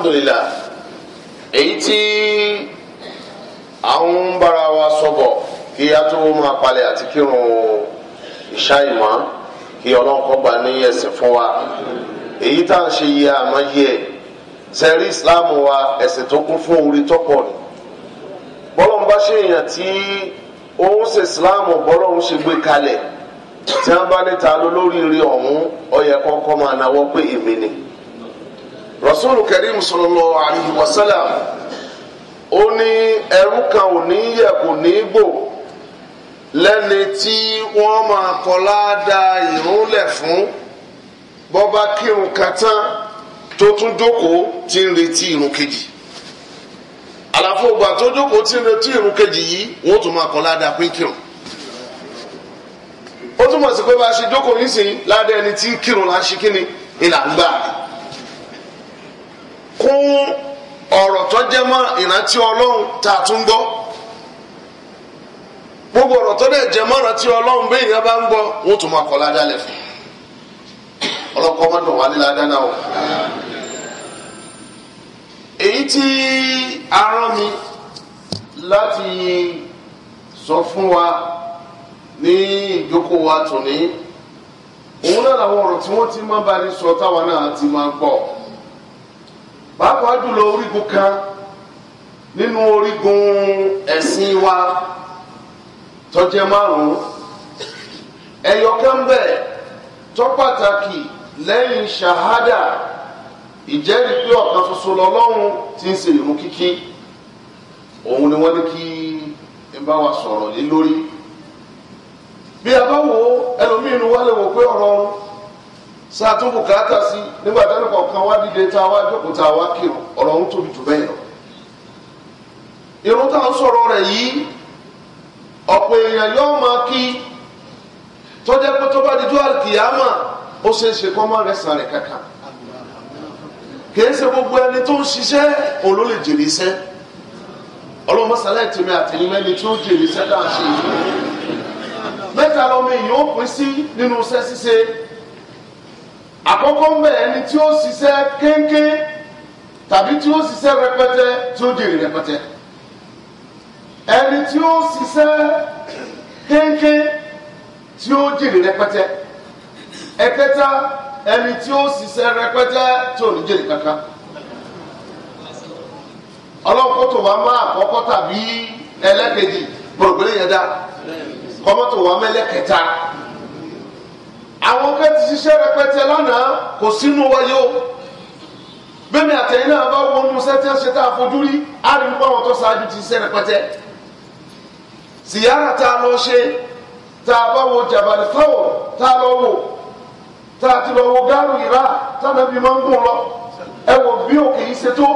alhamdulilah èyí tí àwọn ń bára wa sọ̀bọ̀ kí a tó máa palẹ̀ àti kírun ìṣá kí ọlọ́run kó gbà ní ẹ̀sìn fún wa èyí tá à ń ṣe yẹ àmọ́ yẹ sẹ́rí ìsìláàmù wa ẹ̀sìn tó kún fún orí ni bọ́lọ́n bá ṣe èèyàn tí òun ṣe ni. rasulu karim sallallahu alayhi wa sallam ó ní ẹrú kan ò ní yẹ kò ní gbò lẹ́ni tí wọ́n máa kọ́ ládàá ìrúnlẹ̀ fún bọba kírun kan tó tún jókòó tí ń retí irun kejì àlàfo ìgbà tó jókòó tí ń retí irun kejì yìí wọ́n tún máa kọ́ ládàá pín kírun ó túmọ̀ sí pé bá a ṣe jókòó yìí sìn ládàá ẹni tí ń kírun là ṣe kí ni ìlànà gbà. kún ọ̀rọ̀ tó jẹ́ mọ́ ìrántí ọlọ́run tá a tún gbọ́ gbogbo ọ̀rọ̀ tó dẹ̀ jẹ́ mọ́ ìrántí ọlọ́run bí èèyàn bá ń gbọ́ wọ́n tún máa kọ́ ládàlẹ̀ fún ọlọ́kọ́ mọ́tò wà nílẹ̀ adánà o èyí tí a rán mi láti sọ fún wa ní ìjókòó wa tòní òun náà làwọn ọ̀rọ̀ tí wọ́n ti máa bá ní sọ táwa náà ti máa gbọ́ ọ pàápàá jùlọ orígun kan nínú orígun ẹ̀sìn wa tó jẹ́ márùn-ún ẹ̀yọ kan bẹ̀ tó pàtàkì lẹ́yìn ṣàhádà ìjẹ́rìí pé ọ̀kan ṣoṣo lọ́lọ́run ti ń ṣe ìrun kíkí òun ni wọ́n ní kí n bá wa sọ̀rọ̀ lé lórí bí a bá wo ẹlòmíràn wá lè wò pé ọ̀rọ̀ ọ̀run sàtúnkù káàtà sí nígbà tẹ́lẹ̀ kọ̀ọ̀kan wá dìde tá a wá jókòó tá a wá kírun ọ̀rọ̀ ń tóbi jù bẹ́ẹ̀ lọ. irun tá a ń sọ̀rọ̀ rẹ̀ yìí ọ̀pọ̀ èèyàn yóò máa kí tọ́jà pé tó bá di dúwà kìyàmà ó ṣe é ṣe kọ́ máa rẹ̀ sàn rẹ̀ kankan. kìí ṣe gbogbo ẹni tó ń ṣiṣẹ́ òun ló lè jèrè iṣẹ́ ọlọ́mọ sálẹ̀ tèmi àtẹ̀yìn mẹ́ni tí ó jèrè iṣẹ́ dáhùn sí mẹ́ta lọ́mọ èèyàn ó pín sí nínú iṣẹ́ ṣíṣe àkọ́kọ́ ń bẹ ẹni tí ó ṣiṣẹ́ kéńké tàbí tí ó ṣiṣẹ́ rẹpẹtẹ tí ó jèrè rẹpẹtẹ ẹni tí ó ṣiṣẹ́ kéńké tí ó jèrè rẹpẹtẹ ẹ̀kẹta ẹni tí ó ṣiṣẹ́ rẹpẹtẹ tí ò ní jèrè kankan ọlọ́pọ̀ tó wá má àkọ́kọ́ tàbí ẹlẹ́kejì gbọ̀rọ̀gbẹ́lẹ́ yẹn dá kọ́mọ́tò wá mẹ́lẹ́kẹta àwọn kan ti ṣiṣẹ́ rẹpẹtẹ lánàá kò sínú wáyé o bẹ́ẹ̀ni àtẹ̀yìn náà bá wọnú sẹ́tẹ́ ṣe tá a fojú rí á rí nípa àwọn tó ṣáájú ti ṣiṣẹ́ rẹpẹtẹ ziyara tá a lọ ṣe tá a bá wo jabali fáwọ tá a lọ wò tá a ti lọ wo gáàrú ìrà tá a nàbí máa ń gùn lọ ẹ wò bí òkè yìí ṣe tó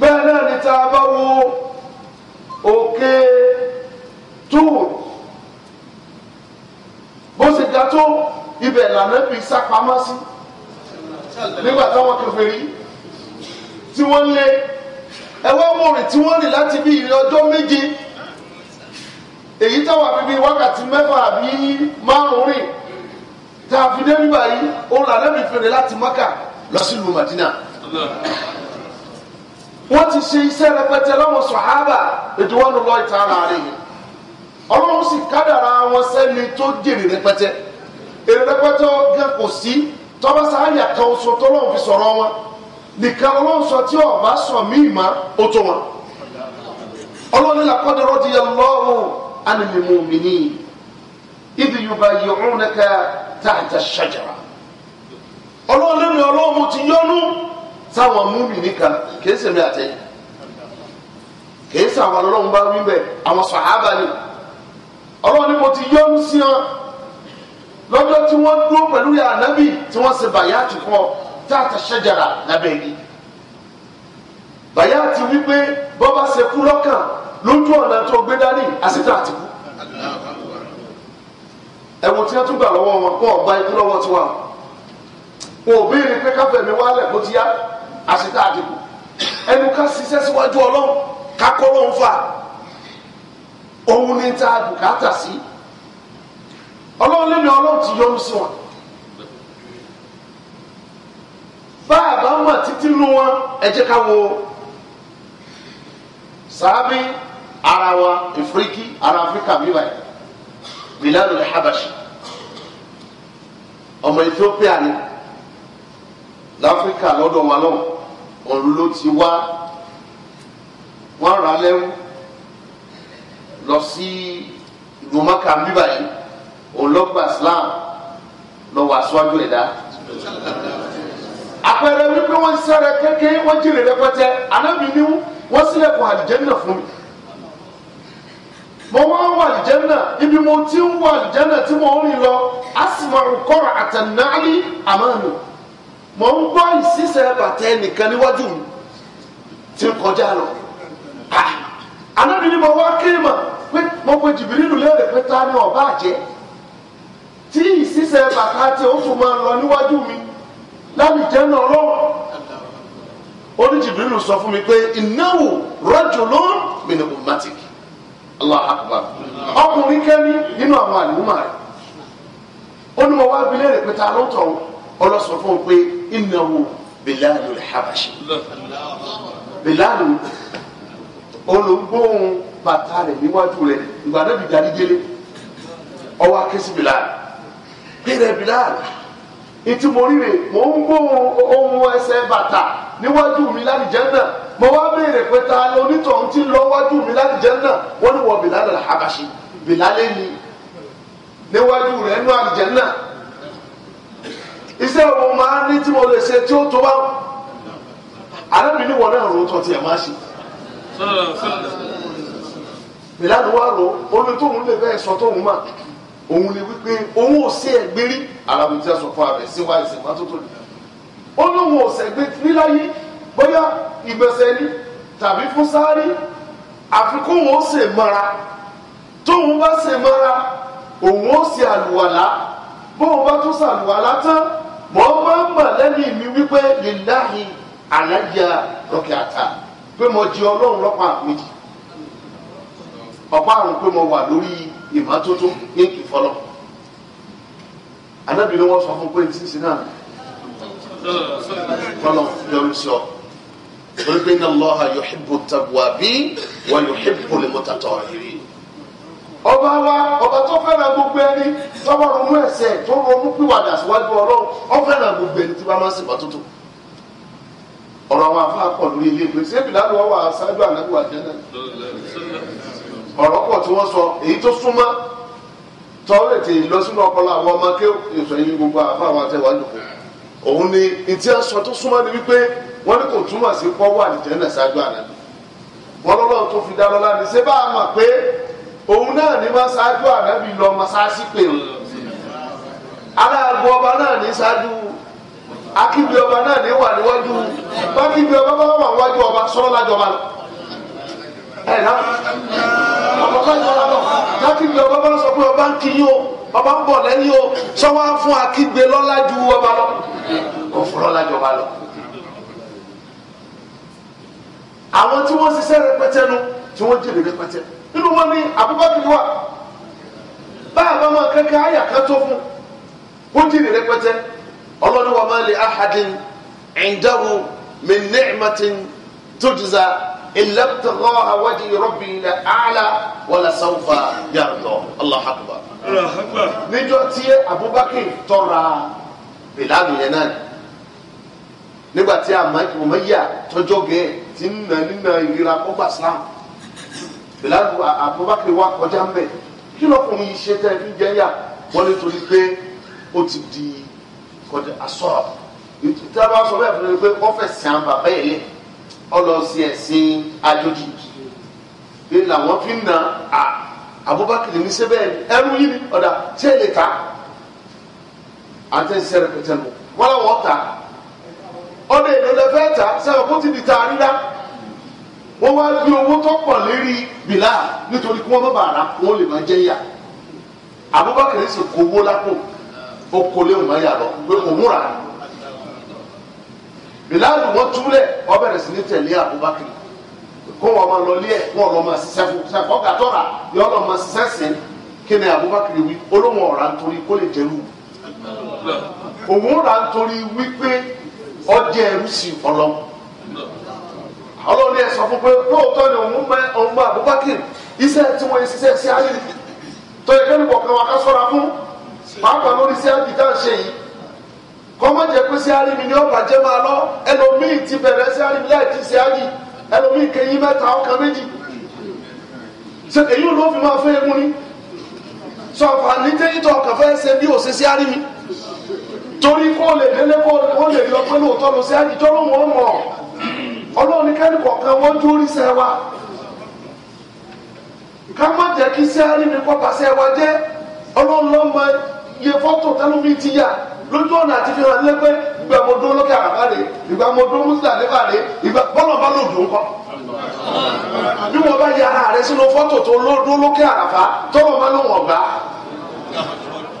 bẹ́ẹ̀ náà ni tá a bá wo òkè tóun bó ṣe ga tó ibẹ̀ lànà fi sápamọ́ sí nígbà táwọn kèfèrí tí wọ́n lé ẹwọ́ mòrìn tí wọ́n rìn láti bí ìrìn ọjọ́ méje èyí táwọn àbíbí wákàtí mẹ́fà àbí márùn-ún rìn tá a fi dé nígbà yìí òun lànà fi fèrè láti Mọ́kà lọ sílùú Màdínà wọ́n ti ṣe iṣẹ́ rẹpẹtẹ láwọn sọ̀hábà ètò wọn lọ́ọ́ ìtara rẹ̀ yìí. ọlọ́run sì kádàrà wọn sẹ́ni tó jèrè rẹpẹtẹ èrè rẹpẹtẹ gan kò sí tọ́ba sáyà kan oṣù tọ́lọ́run fi sọ̀rọ̀ wọn nìkan ọlọ́run sọ tí ọba sọ míì má ó tó wọn. ọlọ́run ní làkọ́dé rọ́ọ̀dì yẹn lọ́wọ́ alìlímù mi ibi yorùbá yìí nìkan ṣàjàrà ọlọ́run ọlọ́run ti sáwọn múmi nìkan àtẹ ọlọ́run bá wí àwọn ọlọ́run ni mo ti yọ́nú sí wọn lọ́jọ́ tí wọ́n dúró pẹ̀lú yà ànábì tí wọ́n ṣe bàyáàtì fún ọ táàtà ṣẹ́jára lábẹ́ igi bàyáàtì wípé bọ́bá ṣe kú lọ́kàn lójú ọ̀nà tó gbé dání àṣetà àti kú ẹ̀wọ̀n tí wọ́n tún gbà lọ́wọ́ wọn kọ́ ọ̀gbá ikú lọ́wọ́ tiwa wọn ò béèrè pé káfẹ́ mi wálẹ̀ bó ti yá àṣetà àti kú ẹnu ká ṣiṣẹ́ síwájú ọlọ́run ká kọ́ lọ́run fà á òun ní ta bùkátà sí ọlọ́run lèmi ọlọ́run ti yọ́nú sí wọn bá a bá mọ̀ títí nu wọn ẹ jẹ́ ká wo sàábì ara wa ìfíríkì ara áfíríkà bí wáyé Bilal al-Habashi ọmọ Ethiopia ni láfíríkà lọ́dọ̀ wa lọ́wọ́ òun ló ti wá wọ́n rà lẹ́rú lọ sí ìlú mọ́kà bíbá yìí òun lọ gba Islam lọ wà síwájú ẹ̀dá. àpẹẹrẹ wípé wọ́n sẹ́rẹ̀ kékeré wọ́n jèrè rẹpẹtẹ anábì ni wọ́n sílẹ̀kùn àlìjẹ́nà fún mi. mo wá wà àlìjẹ́nà ibi mo ti ń wà àlìjẹ́nà tí mo ń rìn lọ asimaru kọ́ra àtẹnáàlì àmàlù mo ń gbọ́ ìsísẹ́ bàtẹ́ nìkan níwájú mi ti ń kọjá lọ. anábì ah! ni mo wá kéèmà pé mo pe jìbìrìlù léèrè pé ta ni ọba àjẹ́ tí ìṣiṣẹ́ bàtà tí ó fún máa lọ níwájú mi lálùjẹ́ náà lọ́wọ́ oníjìbìrìlù sọ fún mi pé ìnáwó rọ́jò ló ń gbìnà bùnmátic allah akbar ọkùnrin kẹ́ni nínú àwọn àlùmọ́ rẹ̀ ó ní mo wá bi léèrè pé ta ló tọ̀ ọlọ́sọ fún un pé ìnáwó bilalu habashi bilalu olùgbóhùn bàtà rẹ̀ níwájú rẹ̀ ìgbà náà bìí darí délé ọwọ́ akẹ́sì Bilal bẹ́ẹ̀rẹ̀ Bilal ètí mo rí rè mò ń gbọ́ ohun ẹsẹ̀ bàtà níwájú mi láti náà mo wá béèrè pé ta ni onítọ̀hún ti lọ wájú mi láti jẹ́ náà wọ́n ní wọ Bilal al-Habashi Bilal ni níwájú rẹ̀ nú àlìjẹ́ náà iṣẹ́ wo máa ní tí mo lè ṣe tí ó tó bá arábìnrin wọn náà rò ó tiẹ̀ máa ṣe bìláàdù wà rò olú tóun lè fẹ́ sọ tóun mà òun lè wípé òun ò sí ẹgbẹ́ rí alábi tí a sọ fún abẹ síwá ẹsẹ̀ má tó tó lè ó lóun ò sẹ̀gbẹ́ níláyé bóyá ìgbẹ̀sẹ̀ ni tàbí fún sáré àfikún òun ó sè mọ́ra tóun bá sè mọ́ra òun ó sè àlùwàlá bóun bá tún sàlùwàlá tán mọ́ máa ń mà lẹ́nu mi wípé lè láhìn àlájà rọ̀kẹ̀ àtà pé mo jẹ ọlọ́run lọ́pàá méjì. ọ̀pá àrùn pé mo wà lórí ìmọ́tótó ní fọlọ́ anábì ni wọ́n sọ fún pé náà fọlọ́ sọ torí pé wa ọba wa ọba tó fẹ́ràn gbogbo ẹni tọ́wọ́ ronú ẹ̀ṣẹ̀ tó ronú pìwàdà síwájú ọlọ́run ọ fẹ́ràn gbogbo ẹni tí bá máa ń sèpà tó ọ̀rọ̀ àwọn afáàpọ̀ lórí ilé ìpè sẹ́bìlá ọ̀rọ̀ pọ̀ tí wọ́n sọ èyí tó súnmọ́ tọ́lẹ̀ tì lọ sínú ọpọlọ àwọn ọmọ kí èso yìí gbogbo àfa àwọn àtẹwà lòkù òun ni ìtí à ń sọ tó súnmọ́ ni wípé wọ́n ní kò túmọ̀ sí pọ́wọ́ àlìjẹ́ náà ṣáájú ànábì wọ́n lọ́lọ́run tó fi dá lọ́lá ni ṣé bá a mọ̀ pé òun náà ní wọ́n ṣáájú ànábì lọ mọ́ṣáláṣí pè ń aláàbò ọba náà ní ṣáájú akíbi ọba náà ní wà níwájú bákíbi ọba bá wà níwájú ọba sọ́lá ẹ lábọ ọkọkọ ìjọba bọ lákìgbé ọba bá sọ pé ọba ń kíyìn o ọba ń bọ̀ lẹ́yìn o sọ wá fún akígbe lọ́lá ju ọba lọ kò fún lọ́lá ju ọba lọ. àwọn tí wọ́n ṣiṣẹ́ rẹpẹtẹ nu tí wọ́n jèrè rẹpẹtẹ nínú wọn ni Abubakar wà báàbá máa kẹ́kẹ́ àyà kan tó fún wọ́n jèrè rẹpẹtẹ ọlọ́ni wa ma li ahadin indahu min ni'matin tujza. إلا ابتغاء وجه ربي لأعلى ولسوف يرضى الله أكبر níjọ́ tí Abubakar tọra Bilalu yẹn náà nígbà tí Umayya tọjọ́ gẹ̀ẹ́ tí ń nà nínà ìrira kó gbà Islam Bilalu Abubakar wà kọjá mbẹ kí lọkùnrin yìí ṣe tẹ ẹ fi jẹ yà wọn nítorí pé ó ti di kọjá asọ ìtura bá sọ bẹ́ẹ̀ fún mi pé wọn fẹsẹ̀ àwọn bàbá yẹn lẹ́yìn ọlọ́sí ẹ̀sìn àjòjì ní làwọn fi ń na Abubakar ní sẹ́bẹ̀ ẹrú yìí ni ọ̀dà tí ẹ lè ta àti ẹ̀sìn rẹpẹtẹ nù wọn làwọn ta ọ̀dà èlò lẹ́fẹ́ ta sẹ́wọ̀n kó ti di ta rírá wọ́n wá gbé owó tó pọ̀ lérí bìlà nítorí kí wọ́n má bàa rà wọ́n lè má jẹ́ yà Abubakar sì kó owó lápò ó kó má yà lọ pé òun rà á bilaadu wọn túlẹ̀ wọn bẹ̀rẹ̀ sí ní tẹ̀lé abubakar kó wọn máa lọ lé ẹ̀ kó wọn lọ máa ṣiṣẹ́ fún ṣiṣẹ́ fún ọ̀gá tọ́ra yọ lọ máa ṣiṣẹ́ sìn kí ni abubakar wí olóhùn ọ̀rá nítorí kó lè jẹ́rú òun ọ̀rá nítorí wípé ọjẹ́ ẹrú sí ọlọ́mù ọlọ́run yẹn sọ fún pé lóòótọ́ ni òun mẹ òun mọ abubakar iṣẹ́ tí wọ́n ṣiṣẹ́ sí ayé tó yẹ kẹ́lùbọ̀ kan wà ká sọ́ra fún pàápàá lórí iṣẹ́ àbí ṣe yìí kọ́mọ jẹ́ pé sẹ́yárì mi ni ó bàjẹ́ máa lọ ẹlòmíì ti bẹ̀rẹ̀ sẹ́yárì mi láì ti sẹ́yárì ẹlòmíì kẹyìn mẹ́ta ọkàn méjì ṣe èyí ló fi máa fẹ́ egun ni sọ àǹfààní tẹ́yìntọ́ ọkàn fẹ́ ṣe bí òṣè sẹ́yárì mi torí kó lè délé kó lè lọ pé lóòótọ́ lọ sẹ́yárì tó lóun ó mọ̀ ọlọ́run ní kẹ́ni kọ̀ọ̀kan wọ́n dúró rí sẹ́ wa ká má jẹ́ kí sẹ́yárì mi kọ́ bá sẹ́ wa jẹ́ ọlọ́run lọ́ mọ iye fọ́tò tẹ́lómi ti yà lójú ọ̀nà àti fi hàn lé pé ìgbà mo dúró lókè àràfà rè ìgbà mo dúró mùsùlùmí àlefà rè ìgbà bọ́lọ̀ bá lòdù ńkọ́. bí wọn bá ya ara rẹ sínú fọ́tò tó lódó lókè àràfà tọ́wọ́ máa lòun ọ̀gbá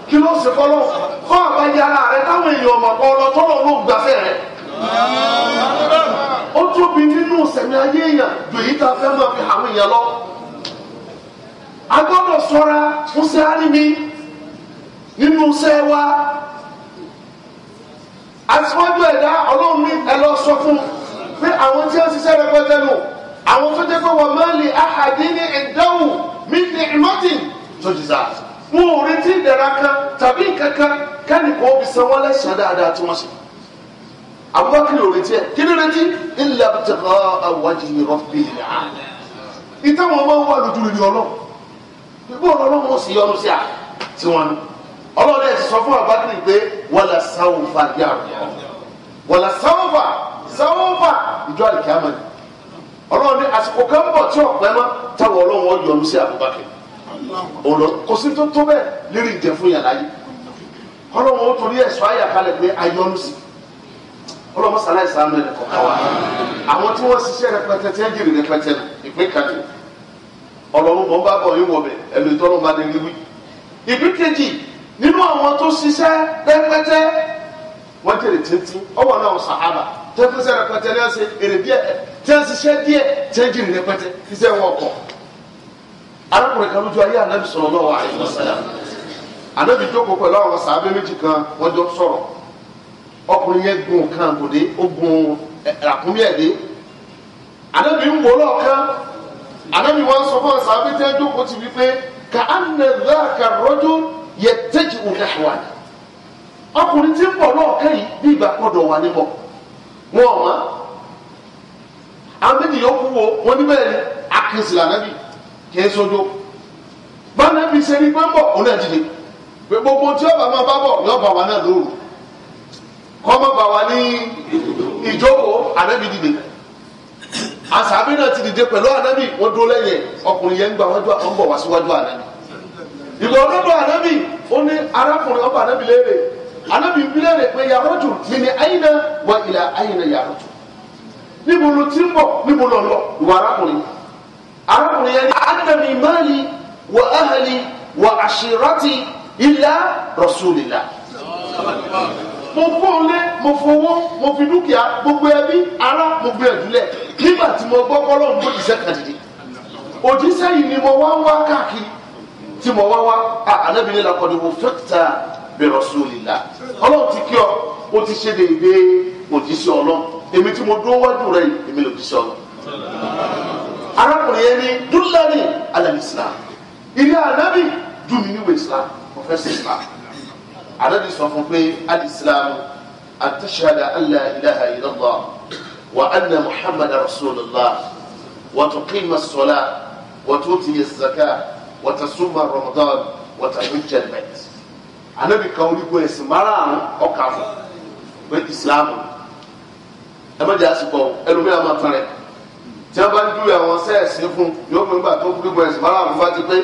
kí ló sì fọ́ lọ́wọ́ fún àbáyá ara rẹ táwọn èèyàn ọmọ kan lọ tọ́lọ̀ ló gbàfẹ́ rẹ. ó tóbi nínú sẹ̀mí ayé èèyàn ju èyí tá a fẹ́ máa fi àwọn èèyàn lọ. a gbọ́dọ̀ fún sẹ́hánì asíwájú ẹ̀dá ọlọ́run ní ẹ lọ sọ fún pé àwọn tí ó ṣiṣẹ́ rẹpẹtẹ nù àwọn tó jẹ́ pé wọ́n máa lè ahàdí ní ìdáhùn mí ní ìmọ́tì tó ti sá. wọn ò retí ìdára kan tàbí kankan kẹ́nìkan ó fi san wọ́n lẹ́sàn-án dáadáa tí wọ́n ṣe. abubakar ò retí ẹ kí ni retí ilẹ̀ abutaka awájú irọ́ bíi rà. ìtàn wọn máa ń wà lójú ìlú ọlọ́run ìgbó ọlọ́run ó sì yọnu sí ọlọ́run ẹ̀ sọ fún àbákìrì pé wàlà sáwùfà yà wàlà sáwùfà sáwùfà ìjọ àlìkàmà ni ọlọ́run ní àsìkò kan bọ̀ tí ọ̀pẹ́ mọ́ táwọn ọlọ́run ọ̀ yọ̀ọ́nù sí àbúbákẹ́ ọ̀nà kò sí tó tó bẹ́ẹ̀ lérí ìjẹ́ fún yàrá yìí ọlọ́run ó torí ẹ̀sọ́ àyàkálẹ̀ pé ayọ́nù sí ọlọ́run sàlẹ̀ sàánú ẹ̀ kọ̀ọ̀kan wa àwọn tí wọ́n ṣiṣẹ́ rẹpẹtẹ tí wọ́n jèrè rẹpẹtẹ ìpín kàdé ọlọ́run mọ̀ ń bá bọ̀ yín wọ̀ bẹ̀ ẹ̀lú ìtọ́lọ́mọdé níwí ìpín kejì nínú àwọn tó ṣiṣẹ́ rẹpẹtẹ wọ́n jèrè tẹ́tí ọwọ́ náà sàhábà tẹ́fẹ́sẹ̀ rẹpẹtẹ ní ẹsẹ̀ èrè díẹ̀ tẹ́ ń ṣiṣẹ́ díẹ̀ tẹ́ ń jèrè rẹpẹtẹ iṣẹ́ wọn kọ̀ arákùnrin kan lójú ayé anabi sallallahu alaihi wasallam anabi jókòó pẹ̀lú àwọn sàábẹ́ méjì kan wọ́n jọ sọ̀rọ̀ ọkùnrin yẹn gun kan gòdè ó gun ràkúnmí ẹ̀dẹ́ anabi ń wò lọ́ọ̀kan anabi wọn sọ fún ọ̀sán abẹ́tẹ́ jókòó ti wípé ka anna dhaka rajul yẹtẹ́jì òdàwà ni ọkùnrin tí ń bọ̀ lọ́ọ̀kẹ́ yìí bí ìgbà gbọ́dọ̀ wà níbọ̀ wọn ò mọ́ àwọn yóò kú wo wọn níbẹ̀ ni akínsìlà nábì kìí sojú bá nábì ṣe ní pé ń bọ̀ òun náà dìde pé gbogbo tí ọba máa bá bọ̀ yóò bá wa náà lóru kọ́ mọ́ bá wa ní ìjókòó ànábì dìde àṣà àbí náà ti dìde pẹ̀lú ànábì wọn dúró lẹ́yìn ọkùnrin yẹn ń gbà wájú àwọn ń bọ̀ wá síwájú ànábì ìgbà olódò ànábì ó ní arákùnrin ọba ànábì léèrè ànábì bí léèrè pé yàrọ́jù mi ni àyìnà wà ilà àyìnà yàrọ́jù níbo ló ti ń bọ̀ níbo lọ lọ ìwà arákùnrin arákùnrin yẹn ni àdàmì máàlì wà áhàlì wà àṣírátì ilà rọ̀ṣùlìlà mo fóonlé mo fowó mo fi dúkìá gbogbo ẹbí ará mo gbé ẹ̀dúlẹ̀ nígbà tí mo gbọ́ kọ́lọ́ọ̀gbọ́n ìṣẹ́ kàdìdì òjíṣẹ́ yìí ni mo wá ń wá káàkiri tí mo wá wá ànábì ní lakọni wo fẹta bẹrọ sóòlì la Ọlọ́run ti kí ọ o ti ṣe dèbè òjíṣẹ́ Ọlọ́run èmi tí mo dúró wájú rẹ èmi lè òjíṣẹ́ Ọlọ́run arákùnrin yẹn ni dúlẹ́rì alẹ́ islam ilé ànábì dùn mí níwèé islam ọ̀fẹ́sì islam ànábì sọ fún pé alìsílám àtẹ̀síadà allah ilaha illallah wa anna muhammad rasulillah wa tuqima as wa tu'ti az-zakah watasuma ramadan watahujja albayt anabi kan orígun ẹ̀sìn márààrún ọkà fún pé ìsìláàmù ẹ má jẹ́ àsìkò ẹlòmíràn máa tán rẹ̀ tí wọ́n bá ń dúró àwọn sẹ́ẹ̀sì fún yóò fún ìgbà tó orígun ẹ̀sìn márààrún bá ti pé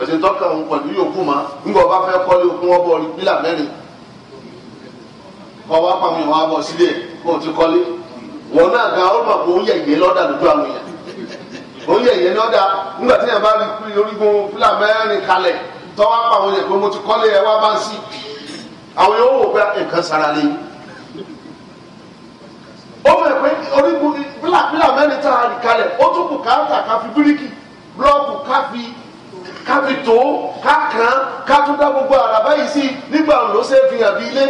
òsì tọ́ka òun pẹ̀lú yòókù ma ńgbọ̀ bá fẹ́ kọ́lé okun wọn bọ̀ bílà mẹ́rin kọ́ wá pàmò ìwọ̀n abọ̀ sílẹ̀ kó o ti kọ́lé wọn náà gan ọ́n mọ̀ kó ń yẹ̀yẹ́ lọ́dà lójú àwọn èèyàn òun yẹ ìyẹn ní ọ̀dà nígbà tí yẹn bá rí kúrin orígun fúlà mẹ́rin kalẹ̀ tọ́wọ́ pa àwọn yẹn pé mo ti kọ́lé ẹ wá bá ń sí àwọn yóò wò pé nǹkan sara lé ó mọ̀ pé orígun fúlà fúlà mẹ́rin tá a rí kalẹ̀ ó tún kù káàtà ká fi bíríkì búlọ́ọ̀kù ká fi ká fi tó ká kàn ká tún dá gbogbo àràbá yìí sí nígbà ló ṣe fi hàn bí ilé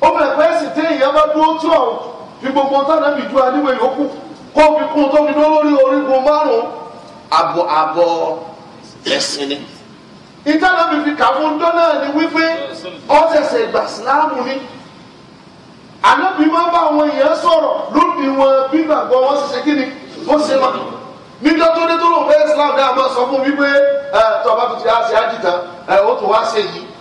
ó mọ̀ pé ẹ̀sìn téèyàn bá dúró tó àwọn fi gbogbo táwọn ẹ̀mí ju aníwèé yòókù kó kún tó dó lórí orígun márùn-ún àbọ̀ àbọ̀ ni ìtàlọ́ mi fi kàfúndó náà ni wípé ọ̀sẹ̀sẹ̀ ìgbà síláàmù ni ànábì máa bá àwọn èèyàn sọ̀rọ̀ lóbi wọn gbígbàgbọ́ wọn ṣiṣẹ́ kí ni wọ́n ṣe máa nígbà tó dé tó lòun fẹ́ islam náà máa sọ fún wípé tó tó ti á ṣe ájì ó tó wá ṣe yìí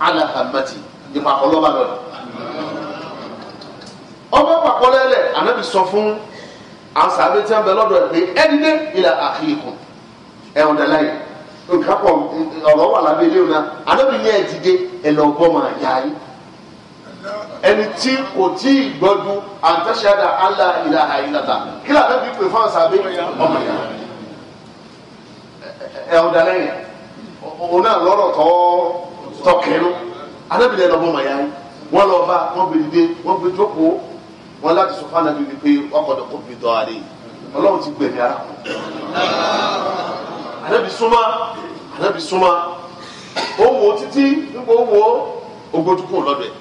ala hamati ìpà ọlọ́ba lọ́dọ̀ ọmọ pàkọ́lẹ́ lẹ̀ anabi sọ fún ansa abẹ́tí ẹ̀ lọ́dọ̀ ẹ̀ pé ẹ̀ dídé ìlà àkìkùn ẹ̀ ọ̀dẹ̀ láyé nǹkan pọ̀ ọ̀rọ̀ wà lábẹ́ ilé ọ̀nà anabi ní ẹ̀ dídé ẹ̀ lọ́ bọ́ máa yá yìí ẹni tí kò tí ì gbọ́dú àtẹ̀síadà ala ìlà àìlàtà kí lóò anabi pè fún ansa abẹ́ ọmọ yá ẹ̀ ọ̀dẹ̀ láyé òun náà lọ́rọ̀ tọ́ tọkẹnu anábìlẹ̀ lọ́mọ màyà yìí wọ́n lọ bá wọ́n gbé dìde wọ́n gbé jókòó wọ́n láti sọ fún anábìlẹ̀ pé ọkọ̀dọ̀ kò fi dọ̀ àlẹ́ yìí ọlọ́run ti gbẹ̀mí ara kù anábì súnmọ́ anábì súnmọ́ ó wò ó títí nígbà ó wò ó ogójú kò lọ́dọ̀ ẹ̀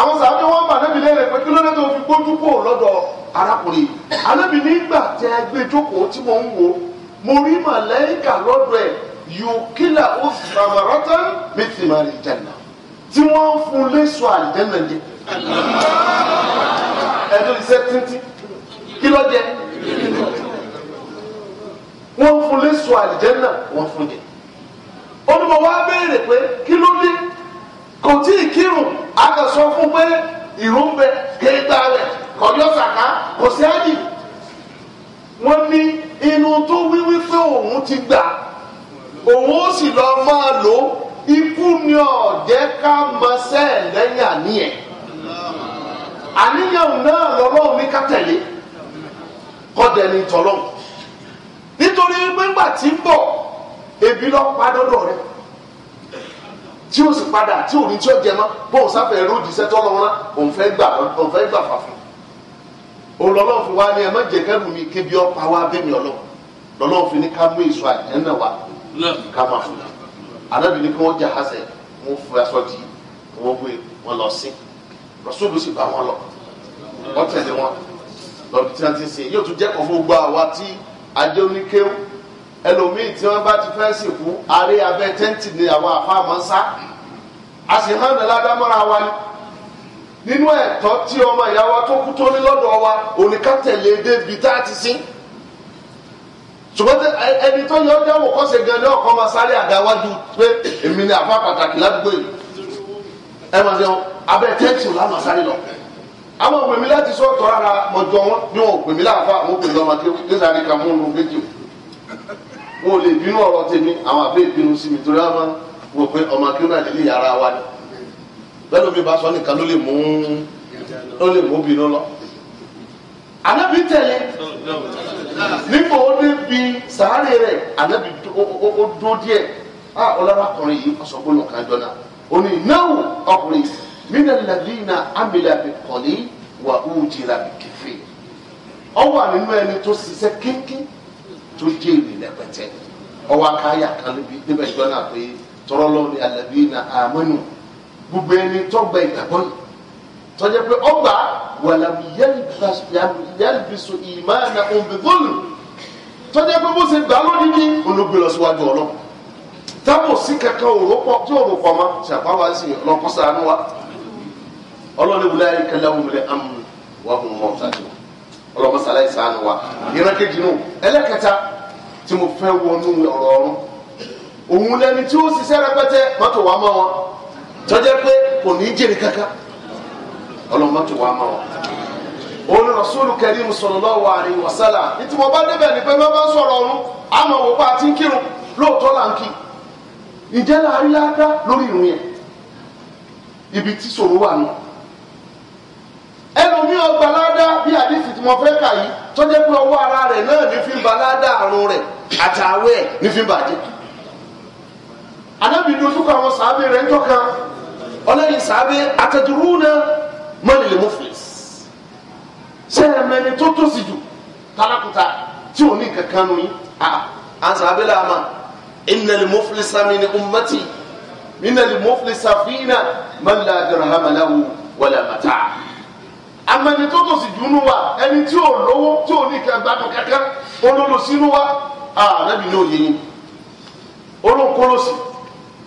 àwọn sàbẹ̀ wọn bá anábì lẹ́rẹ̀ pé kí ló dé tó fi gbójú kò lọ́dọ̀ arákùnrin anábì nígbà tẹ́ gbé jókòó tí mo ń wò mo rí màlẹ́kà lọ́dọ̀ ẹ̀ yòókìlà ó sàmàrọ́tà mẹ́tìmárì jẹ̀nà tí wọ́n fún léṣọ àjẹ́nà jẹ. ẹ̀dùn iṣẹ́ títí kí ló jẹ wọ́n fún léṣọ àjẹ́nà wọ́n fún jẹ. olùmọ̀ wa béèrè pé kí ló dé kò tí ì kírun a kà sọ fún pé ìrun bẹ kéèta rẹ kọjọ sàká kò sí àjì wọ́n ní inú tó wíwí pé òun ti gbà òun ó lọ máa lò ó ikú ni ọ̀jẹ́ ká mọṣẹ́ lẹ́yìn àníyàn àníyàn náà lọ́lọ́run ní ká tẹ̀lé kọ́dẹ̀ ní tọ́lọ́run nítorí pé tí ń bọ̀ ebi lọ pa dọ́dọ̀ rẹ̀ tí o sì padà tí o ní tí o jẹ mọ bó o sáfẹ òjíṣẹ́ tó wọn òun fẹ́ gbà òun fẹ́ gbà fàfún òun fi ẹ má jẹ mi kébi ọlọ fi ní ká mú èso náà wá ká máa fún un anabi ni kí wọ́n jẹ hasẹ wọ́n fún aṣọ di wọ́n gbé wọn lọ sí rasulu sì bá wọn lọ wọ́n tẹ̀lé wọn lọ́bi tí wọ́n ti sè yóò tún jẹ́ kọ́ fún gbọ́ àwa tí adé oníkéwù ẹlòmíì tí wọ́n bá ti fẹ́ sìnkú àárẹ̀ abẹ́ tẹ́ǹtì ni àwọn àfáàmọ́ ń sá a sì hàn mí ládámọ́ra wa ni nínú ẹ̀tọ́ tí ọmọ ìyá wa tó kú tó ní lọ́dọ̀ wa òní ká tẹ̀lé débi tá a ti sìn ṣùgbọ́n ẹni tó yọ dẹ́wò kọ́sẹ̀ gan ni ọkọ máa sáré àdáwájú pé èmi ni àfa pàtàkì ládùúgbò yìí ẹ máa jẹun abẹ́ tẹ́ǹtì ò láwọn sáré lọ. àwọn òpè mi láti sọ ọ̀tọ̀ rárá mọ̀jọ wọn bí wọn òpè mi láàfà àwọn òpè lọ́mọ tí ó sáré ka múnú méjì o wọn ò lè bínú ọ̀rọ̀ tèmi àwọn àbẹ́ ìbínú sí mi torí wọn máa wò pé ọmọ kí ó náà lè yàrá wa ni bẹ́ẹ̀ ló mi bá sọ nìkan ló lè mú ó lè mú bínú lọ anabi tẹ̀lé nígbà ó dé bi sàárè rẹ̀ anabi ó dó díẹ̀ a ah, ọlọ́run akọrin yìí ọ̀sọ́gbọ́n náà kájọ náà ó náwó ọkùnrin mina ladina amila bi kọ́lé wà ó jìlá bi kẹfẹ́ ọwọ́ àmínú ẹni tó ṣiṣẹ́ kéńkéń tó jẹ́ ìrìn lẹ́pẹ̀tẹ́ ọwọ́ akáyà kan níbi níbẹ̀ jọ náà pé tọrọlọ́ọ̀ni alẹ́ bí na àmọ́nù gbogbo ẹni tọ́gbà ìgbàgbọ́ tọ́jẹ́ pé ọgbà wàlàmù yálìbísù ìmáàna òǹbẹ̀bọ́ọ̀lù tọ́jẹ́ pé bó ṣe gbà lódìdí olóògbé lọ síwájú ọlọ́ tábò sí kankan òró tí òró pọ mọ ṣàpáwá sí ọlọ́kọ́sá àánú wa ọlọ́ni wùlá yìí kẹlẹ́ wùlé amú wà hùn mọ́ ṣáàtì wa ọlọ́kọ́sá láì sàánú wa ìran kejì nù ẹlẹ́kẹta tí mo fẹ́ wọnú ọ̀rọ̀ ọ̀run òun lẹni tí ó ṣiṣẹ́ rẹpẹtẹ mọ́tò wa mọ́ wọn tọ́jẹ́ pé kò ní í jèrè kankan ọlọ́mọ tó wàá mọ̀ ọ́. olú rasúlù karim sallallahu alaihi wasallam mo bá débẹ̀ ni pé bá bá sọ̀rọ̀ ọ̀run àmọ́ wò pa àti ń lóòótọ́ là ń kí ìjẹ́ ibi tí sòrò wà nù. ẹlòmíì ọgbà láàdá bí àdìsí tí mo fẹ́ kà yìí tó jẹ́ pé ọwọ́ ara rẹ̀ náà ní fi ba láàdá àrùn rẹ̀ àtàwẹ̀ ní mọ́nìlì muflis ṣé ẹ mẹni tó tó sì jù tálákùtà tí ò ní kankan nù yín ansa abẹ́lẹ̀ àmà innal muflisa min ummati innal muflisa fina man la dirhama lahu wala mata amẹni tó tó sì jù nù wa ẹni tí ò lówó tí ò ní kankan kankan olólùsí nù wa ànábì ní òye yín olóńkólósì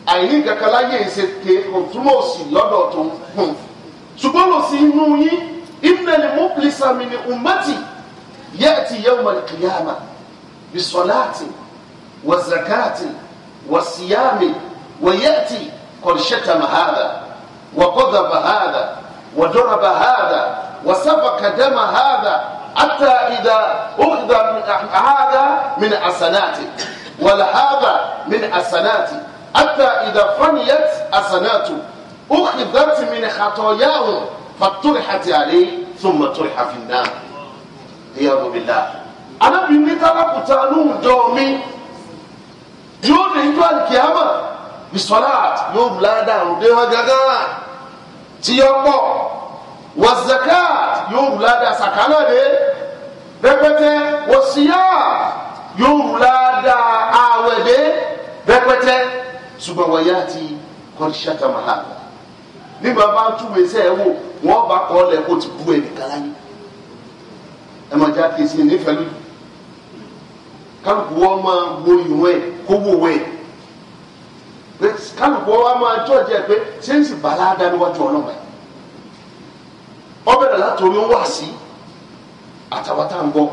àìní kankan láyé ìṣe ké òtúmọ̀ òsì lọ́dọ̀ tó ń hùn. سبحانه سينوني إن المخلص من أمتي يأتي يوم القيامة بصلاة وزكاة وصيام ويأتي قد شتم هذا وقذف هذا وضرب هذا وسفك دم هذا حتى إذا أخذ من هذا من حسناته ولهذا من حسناته حتى إذا فنيت حسناته أخذت من خطاياهم فطرحت عليه ثم طرح في النار عياذ بالله arábìnrin ní tálákùtà lóòjọ́ mi yóò lè jọ àlìkìyàmà bisolat yóò múláàdá àrùn déwà gàgà tí yọ pọ̀ wàzakat yóò múláàdá sàkánà rẹ̀ rẹpẹtẹ wọ̀síyà yóò múláàdá àwẹ̀dẹ rẹpẹtẹ ṣùgbọ́n wọ̀nyá ti kọ́ńtíṣàtà màhàlá. ní bàbá túwò iṣẹ́ ẹ wò wọ́n bá kọ́ ọ ti bú ẹnìkan láyé ẹ máa já kìí sí ma nífẹ̀ẹ́ lójú kálukú wọn máa wo ìwọ̀n ma kó wò wọ̀ pé kálukú wọn máa jọ̀jẹ̀ pé ṣé bàlá dáníwájú ọlọ́mọ ẹ̀ ọbẹ̀rẹ̀ látòrí sí àtàwátà ń gbọ́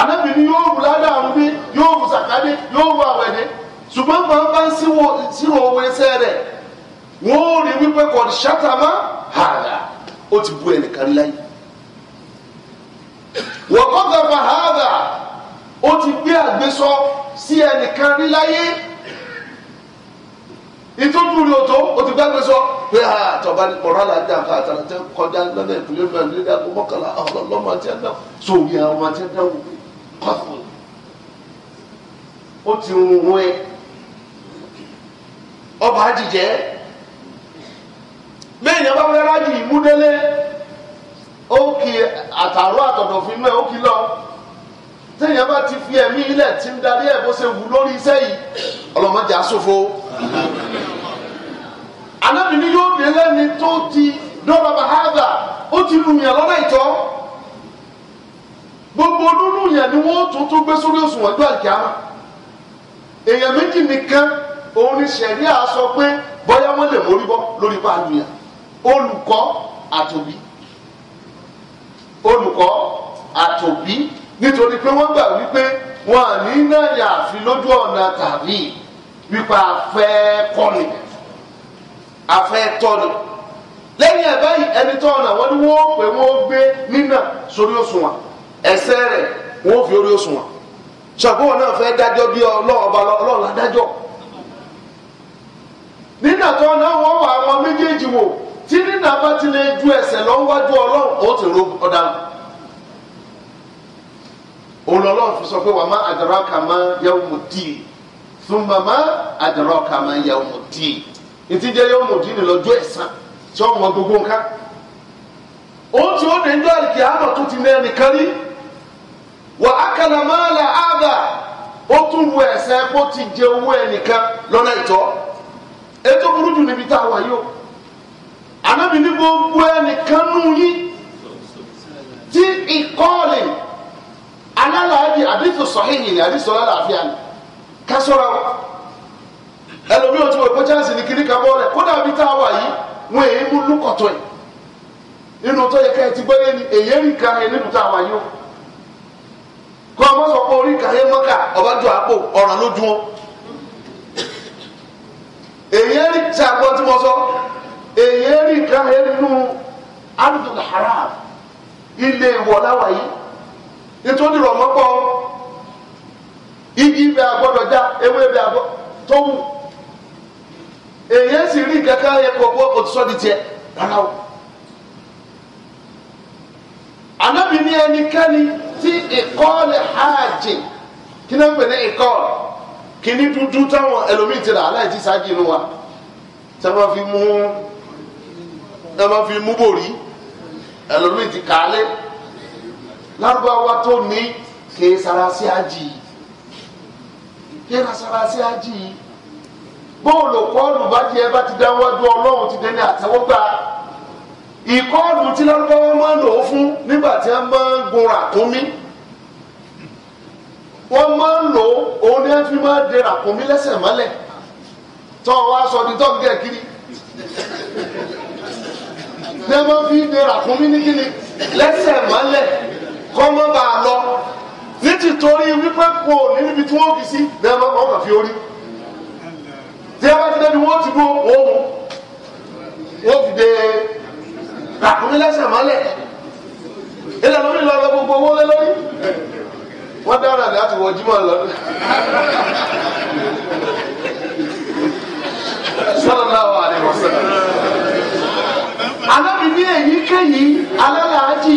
anabi ni yóò wù ládàá bí yóò wù sàkádé yóò wù àwẹ̀dẹ ṣùgbọ́n bàbá ń síwò owó ẹsẹ̀ rẹ̀ wọn ò rí wípé kò ṣàtàmá hàdà ó ti bu láyé kọ́ ó ti gbé àgbésọ sí ẹnìkan rí láyé ìtọ́jú rí ọ̀tọ̀ ti gbàgbé sọ pé a tọba ọ̀rọ̀ aláàdé àká àtàlàtẹ kọjá lọ́nà ìpínlẹ̀ náà nílẹ̀ àgbo mọ́kànlá ọ̀rọ̀ lọ́mọ àti ẹ̀dá àwọn àti ọba àjìjẹ́. bẹ́ẹ̀ni ọba fẹ́ rájì ìmúdélé ó kì àtàrọ àtọ̀dọ̀fin náà lọ téèyàn bá ti fi ẹ̀mí ilẹ̀ tí ń darí ẹ̀ bó ṣe wù lórí iṣẹ́ yìí ọlọ́mọdé àṣòfo anábì yóò dé lẹ́ni tó ti dọ́ba gbogbo yàn ni wọ́n gbé sórí òṣùwọ̀n èèyàn méjì nìkan òun ni olùkọ́ àtòbí olùkọ́ àtòbí nítorí pé wọ́n gbà wípé wọn à ní náà yàfi lójú ọ̀nà tàbí wípé afẹ́ kọ́ni afẹ́ tọ́ni lẹ́yìn ẹ̀ báyìí ẹni tọ́ ọ̀nà wọn ni wọ́n pè wọ́n gbé nínà sórí òṣùwọ̀n ẹsẹ̀ rẹ̀ wọ́n fi orí òṣùwọ̀n ṣàkóso náà fẹ́ dájọ́ bí ọlọ́ọ̀ba ọlọ́ọ̀la dájọ́ nínà tọ́ náà wọ́n wà àwọn méjèèjì wò téèyàn bá ti lè ju ẹsẹ̀ lọ́wọ́jú ọlọ́run ó ti ro ọ̀daràn òun lọ́lọ́run fi sọ pé wà má àdàrà kà má yẹ̀wò mú dì í thumma má àdàrà kà má yẹ̀wò mú dì í ntí jẹ́ yẹ̀wò mú dì í nílọ́jọ́ ẹ̀san tí wọ́n mọ gbogbo nǹkan ó ti ó ní ní àlìkí àmọ̀ tó ti ní ẹnìkan rí wà á kàlà má là ága ó tún wọ ẹ̀sẹ̀ bó ti jẹ owó ẹnìkan lọ́nà ìtọ́ ètò burúkú níbi tá a wà yóò. anábì ní gbogbo ẹnìkan nù yín tí ìkọ́ọ̀lì alálàájì àdìsù sọ̀hìnì ní àdìsù ọlọ́láàfíà ni ká wa ẹlòmíì ò tún wọ̀ pé chance kiri kan bọ́ kódà a wà yìí èyí mú lúkọ̀tọ̀ yìí nínú tó yẹ ká ẹ ti gbọ́dọ̀ ni èyí rí nǹkan yẹn nínú tá a wà o kọ́ ọmọ sọ pé orí nǹkan yẹn ọba àpò ọ̀ràn o èyí èyí rí kan ẹnu ardul haram ilé ìwọ̀láwà yìí nítorí rọ̀mọ́pọ̀ igi ibẹ̀ àgbọ̀dọ̀ já ewé ibẹ̀ àgbọ̀ tó wù èyí sì rí kankan ẹ̀kọ́ bó òtútọ́ di tiẹ̀ rárá o. Ànábì ní ẹnikẹ́ni tí ìkọ́lẹ̀ hajj kí ló ń pè ní ìkọ́lẹ̀ kí ní dúdú táwọn ẹlòmíì ti rà inú wa tí wọ́n fi mú. ẹ máa fi mú bòrí ẹlòmíì ti kàálé lárúbáwá tó ní kì sara sí àjì kì í sara sí àjì bóòlù kọ́ọ̀lù bá jẹ ẹ bá ti dáwọ́jú ọlọ́run ti dẹni àtẹwọ́gbà ìkọ́ọ̀lù tí lárúbáwá máa ń lò ó fún nígbà tí wọ́n máa ń gun ràkúnmí wọ́n máa ń lò ó òun ni wọ́n fi máa ń de ràkúnmí lẹ́sẹ̀ mọ́lẹ̀ tó wọ́n aṣọ ní tọ́gídẹ̀ kiri ṣé wọ́n fi ń dera fún mi ní kíni lẹ́sẹ̀ mọ́lẹ̀ kọ́ mọ́ bá a lọ ní ti torí wípé kò ní níbi tí wọ́n fi sí bẹ́ẹ̀ mọ́ kàn fi orí tí a bá ti débi wọ́n ti dúró òun wọ́n fi de ràkúnmí lẹ́sẹ̀ mọ́lẹ̀ ilẹ̀ lórí lọ lọ gbogbo owó lé lórí wọ́n dára láti wọ jímọ̀ lọ. sọ́dọ̀ náà wà ní wọ́n sọ́dọ̀ kéyìí alálàájì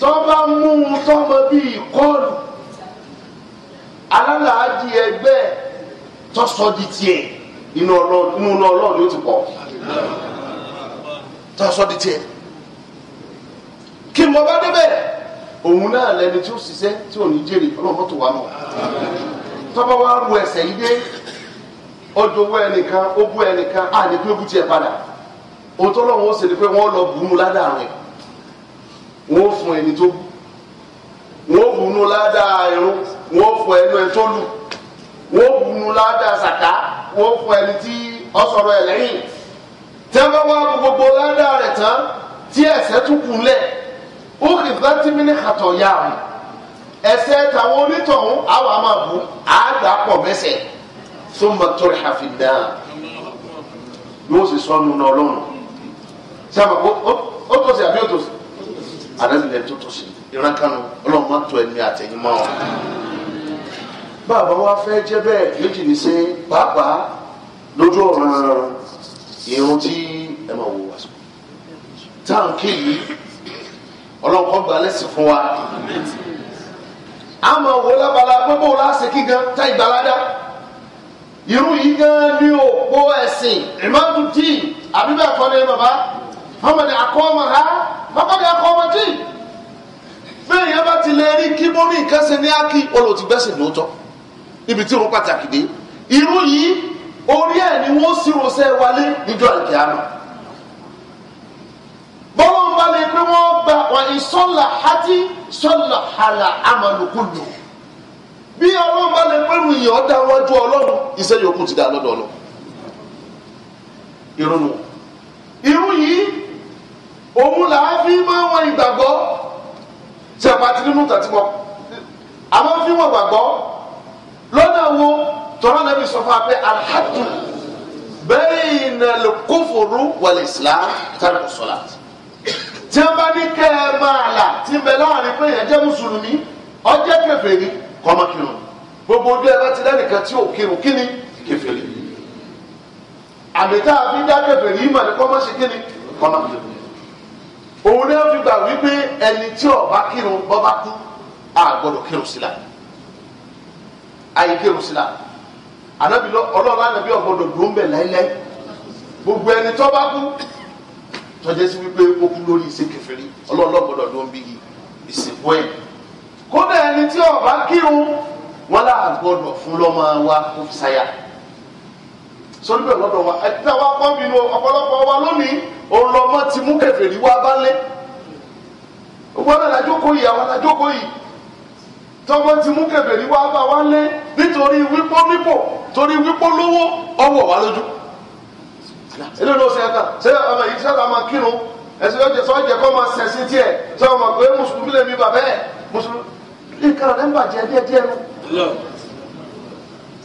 tó bá mú un tọ́mọ bíi kọ́ọ̀lù alálàájì ẹgbẹ́ tó sọ di tiẹ̀ inú ọlọ́run ló ti pọ̀ tó sọ di tiẹ̀ kí mo bá débẹ̀ òun náà lẹni tí ó ṣiṣẹ́ tí ò ní jèrè ọlọ́mọ tó wà mọ́ tọ́ba wa ru ẹsẹ̀ yìí dé ó dowó ẹnìkan ó bú ẹnìkan á bú tiẹ̀ padà ohun tó lọ́wọ́ ó ṣe ni pé wọ́n lọ bùnú ládàá rẹ̀ wọ́n fún ẹni tó wọ́n bùnú ládàá irun wọ́n fún ẹnu ẹ tó lù wọ́n bùnú ládàá sàká wọ́n fún ẹni tí ọ sọ̀rọ̀ ẹ̀ lẹ́yìn tẹ́wọ́n wá gbogbo ládàá rẹ̀ tán tí ẹ̀ṣẹ̀ tún kù lẹ̀ ó kì í fẹ́ tí mi ní kàtọ̀ yá rẹ̀ ẹ̀ṣẹ̀ tàwọn onítọ̀hún àwọn àmà bù àgbà pọ̀ mẹ́sẹ̀ só mọ́tò rẹ̀ àfi dáa yóò sì sọ́nu náà lọ́rùn sábà ó tòsí àbí ó tòsí àdánilẹ̀ tó tòsí ìran kanu ọlọ́run máa tó ẹni àtẹ̀yìn mọ́ ọ. bàbá wa fẹ́ jẹ́ bẹ́ẹ̀ méjì ní sẹ́ pàápàá lójú ọ̀ràn irun tí ẹ máa wò wá sí. táǹkì yìí ọlọ́run kọ́ gba lẹ́sìn fún wa a máa wò lábala gbogbo lásìkí gan tá ìgbàládá irú yìí gan ni òpó ẹ̀sìn ìmọ̀tútì àbíbẹ̀ kọ́ni bàbá mọ́mọ́dé akọ́mọ ha mọ́mọ́dé akọ́mọ tí bẹ́ẹ̀ yẹn bá ti lè rí kí mo ní nǹkan ṣe ní ákí olùtìgbẹ́sìn lóòótọ́ níbi tí wọ́n pàtàkì dé irú yìí orí ẹ̀ ni wọ́n sírosẹ́ wálé níjọ́ àìkè àná bọ́lá ń balẹ̀ pé wọ́n gba wà ní sọ́là hátí sọ́là hàlà àmàlùkùlù bí ọlọ́run bá lè pẹ́rù ìyàn ọ̀dà wájú ọlọ́run iṣẹ́ ti dá lọ́dọ̀ ọlọ́run ìrònú làá fi máa wọn ìgbàgbọ́ ṣẹ̀pá ti nínú tàtí mọ́ àwọn fi wọn gbàgbọ́ lọ́nà wo tọ́lá nàbí sọ fún wa pé alhadu bayna al-kufru wal-islam tàbí sọ́lá tí wọ́n bá ní kẹ́ ẹ máa là tí ń bẹ láàrin pé èèyàn jẹ́ mùsùlùmí ó jẹ́ kèfèrí kọ́mọkìrùn gbogbo ojú ẹ bá ti lẹ́nìkan tí ò kírun kí ni àmì tá a fi dá kèfèrí ìmọ̀ ní kọ́mọ́sí kí ni kọ́mọkìrùn òun ni wọn fi gbà wípé ẹni tí ọba kírun bọba kú àgbọ́dọ̀ kírun sílá àyè kírun sílá ànábi ọlọ́run ànábi ọgbọ́dọ̀ dùn bẹ̀ láíláí gbogbo ẹni tó bá kú tọ́jú sí wípé ó kú lórí iṣẹ́ kèfèrí ọlọ́run lọ́gbọ́dọ̀ dùn bí ìsìnkú ẹ̀ kódà ẹni tí ọba kírun wọn là fún lọ́mọ wa kó fi sáyà sórí bẹ́ẹ̀ lọ́dọ̀ wa ẹ̀dá wa pọ́n mi lo ọ̀pọ̀lọpọ̀ wa lónìí òun lọ́mọ ti mú kèfèrí wa bá lé gbọ́dọ̀ làjókòó yìí àwọn làjókòó yìí tọ́mọ ti mú kèfèrí wa bá wa lé nítorí wípó nípò torí wípó lówó ọwọ́ wa lójú ilé ló ṣe ẹ̀ka ṣé ọmọ yìí sábà máa kírun ẹ̀sìn ọjọ́ sọ jẹ́ kọ́ máa ṣẹ̀sìn tiẹ̀ sọ ma pé mùsùlùmí lè mi bàbẹ́ ẹ̀ mùsùlùmí nǹkan rẹ̀ ń bàjẹ́ díẹ̀díẹ̀ nu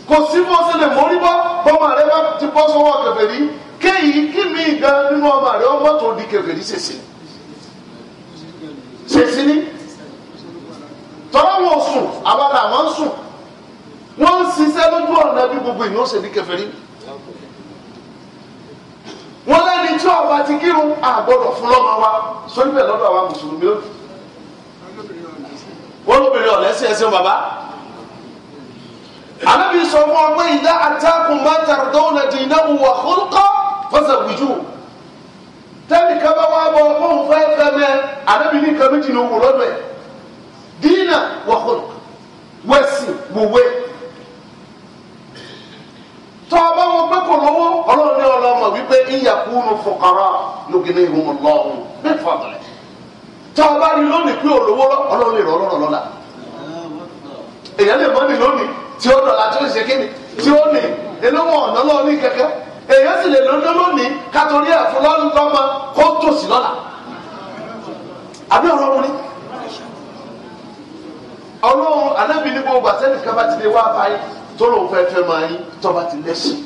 kò sí bó ṣe lè mórí bọ́ bọ́mọ rẹ bá ti bọ́ sọ́wọ́ kèfèrí kéyìí kí mi gan nínú ọmọ rẹ ọmọ tó di kèfèrí ṣèṣì ṣèṣì ni tọ́lá wọn ò sùn àwa làwọn ń sùn wọ́n ń ṣiṣẹ́ lójú ọ̀nà bí gbogbo ìní ó ṣe di kèfèrí wọ́n lẹ́ni tí ọba ti kírun àgbọ̀dọ̀ fún lọ́mọ wa sórí bẹ́ẹ̀ lọ́dọ̀ àwa mùsùlùmí ó wọ́n lóbìnrin ọ̀lẹ́sìn ẹ̀sìn bàbá alábi sọ fún ọ pé ìdá àtàkùn máa tàrà dọ́wọ́nà dìínà wà kúlùkọ́ fọ́sàwùjú tẹ́lì kaba wà bọ̀ fóun fẹ́ fẹ́mẹ́ alábi ní kàmi jìnnà wò lọ́dọ̀ ẹ̀ dìínà wà kúlùkọ́ wẹ́sì wòwe tọ́ ọ bá wọn pé kò lówó ọlọ́run ní ọlọ́mọ wípé ìyàkúnú fọkàrà lógìnà ìhùn ọlọ́run bí fàdúrà tọ́ ọ bá rí lónìí pé òlówó ọlọ́run ní lónìí tí ó dọ̀la tí ó ṣe kíni tí ó nì elóhùn ọ̀nà lọ́wọ́ ní kẹ̀kẹ́ èèyàn sì lè lọ́dún lónìí kátorí ẹ̀fún lọ́dún lọ́mọ kó tòsí lọ́la àbí ọ̀rọ̀ wọn ni ọlọ́run anábì ní gbogbo àtẹ́nì kan bá ti lè wá báyìí tó lóun fẹ́ fẹ́ máa yín tó bá ti lẹ́sìn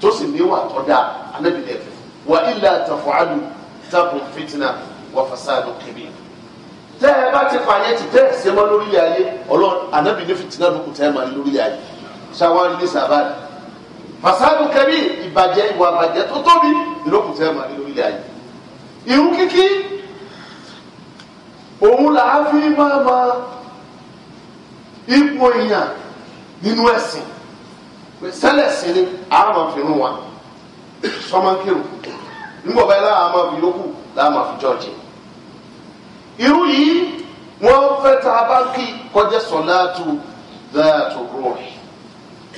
tó sì níwà tó dáa anábì lẹ́fẹ̀ẹ́ wà ilà tàfọ̀ àlù tàbùn fìtínà wà fàṣà àlù tẹ́ ẹ bá ti fàyẹ́ ti tẹ́ ẹ ṣe mọ́ lórílẹ̀ ayé ọlọ́run ànábì ní fìtínà lókun tẹ́ ẹ máa ní lórílẹ̀ ayé ṣàwọn ilé sàbáàdì fasadu kẹbi ìbàjẹ́ ìwà ìbàjẹ́ tó tóbi lókun tẹ́ ẹ máa ní lórílẹ̀ ayé irú kíkí òun là á fi máa ma ipò èèyàn nínú ẹ̀sìn sẹ́lẹ̀ sí ni àmọ̀ fìrún wa sọmọkírun nígbà báyìí láàmọ̀ fi yókù láàmọ̀ fi jọ́ọ̀jì irú yìí wọ́n fẹ́ ta báńkì kọjá sọ̀láàtù dáàtù rọ̀rì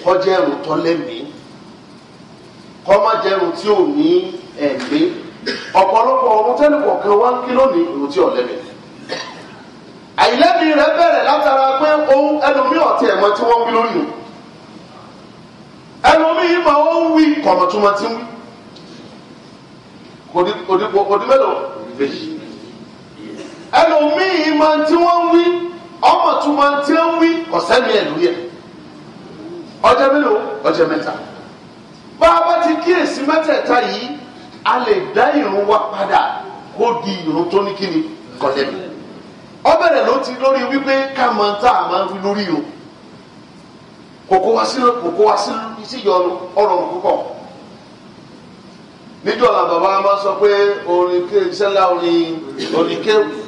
kọjá ẹ̀rù tọ́lẹ́mí kọ́májẹ ẹ̀rù tí ò ní ẹ̀mí ọ̀pọ̀lọpọ̀ ọ̀run tẹ́lẹ̀ kọ̀ọ̀kan wá ń kí lónìí ìrù tí ọ̀lẹ́mí. àìlẹ́mí rẹ̀ bẹ̀rẹ̀ látara pé ohun ẹlòmíì ọ̀tí ẹ̀mọ́ tí wọ́n ń wí lónìí ẹlòmíì máa ń wí kọ̀mọ̀túnmọ̀ tí ń wí kò mélòó ẹlòmíì máa ń tí wọ́n ń wí ọmọ tún máa ń tí wọ́n ń wí kò sẹ́mi ẹ̀ lórí ẹ̀ ọjọ́ mélòó ọjọ́ mẹ́ta bá a bá ti kíyèsí mẹ́tẹ̀ẹ̀ta yìí a lè dá ìrun wa padà kó di ìrun tó ní kíni kò sẹ́mi ló ti lórí wípé ká máa tá a máa ń wí lórí o kòkó wá sí kòkó wá sí síjọ ọ̀rọ̀ púpọ̀ níjọ́ la bàbá máa sọ pé orin kí iṣẹ́ orin orin kéwù.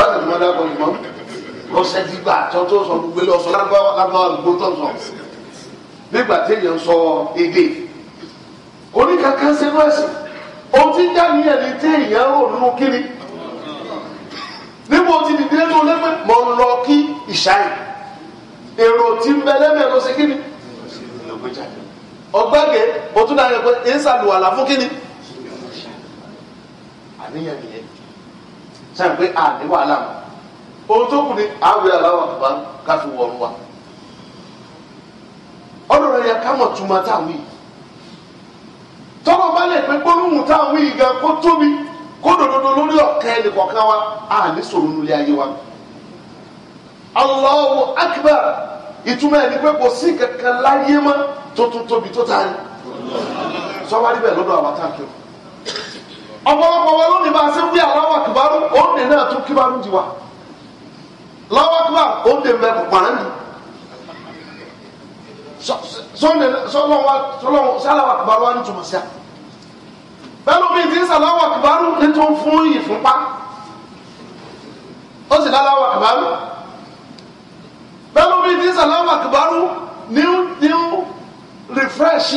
ọ̀sẹ̀ tí wọ́n dábọ̀ ìmọ̀ lọ́sẹ̀ tí gbà tó tó sọ gbogbo ilé ọ̀sọ̀ lábáwá gbogbo tó sọ nígbà téèyàn sọ èdè oníkankan sínú ẹ̀sìn ohun tí ń dá níyẹn ni téèyàn rò nínú kiri níbo ti dìde tó lẹ́gbẹ́ mọ̀ ń lọ kí ìṣáì èrò tí ń bẹ lẹ́gbẹ́ ló ṣe kí ọgbẹ́gẹ́ mo tún dára pé èyí ṣàlùwàlà fún kí àníyàn nìyẹn sẹ́yìn pé a ní wàhálà mọ́ ohun tó kù ní àwẹ̀ wa ọlọ́run yẹ ká mọ̀ tuma táwọn yìí tọ́lọ́ bá lè pé gbólóhùn táwọn yìí gan kó tóbi kó dòdòdò lórí a ní sòrò ayé wa. ìtumọ̀ ẹni pé kò sí kankan láyé mọ́ tó tóbi tó sọ lọ́dọ̀ àwọn ọ̀pọ̀lọpọ̀ wa lónìí máa ṣe ń wí aláwọ̀ kìbárú òǹdè náà tún kìbárú ti wa láwọ̀ kìbárú òǹdè ń bẹ pàpàrọ̀ ni sọ́láwọ̀ kìbárú wa ní túmọ̀ sí a bẹ́ẹ̀ ló ti ń sàláwọ̀ kìbárú ní tó ń fún yìí fún pa ó sì láláwọ̀ kìbárú bẹ́ẹ̀ ló ti ń sàláwọ̀ kìbárú ní ń refresh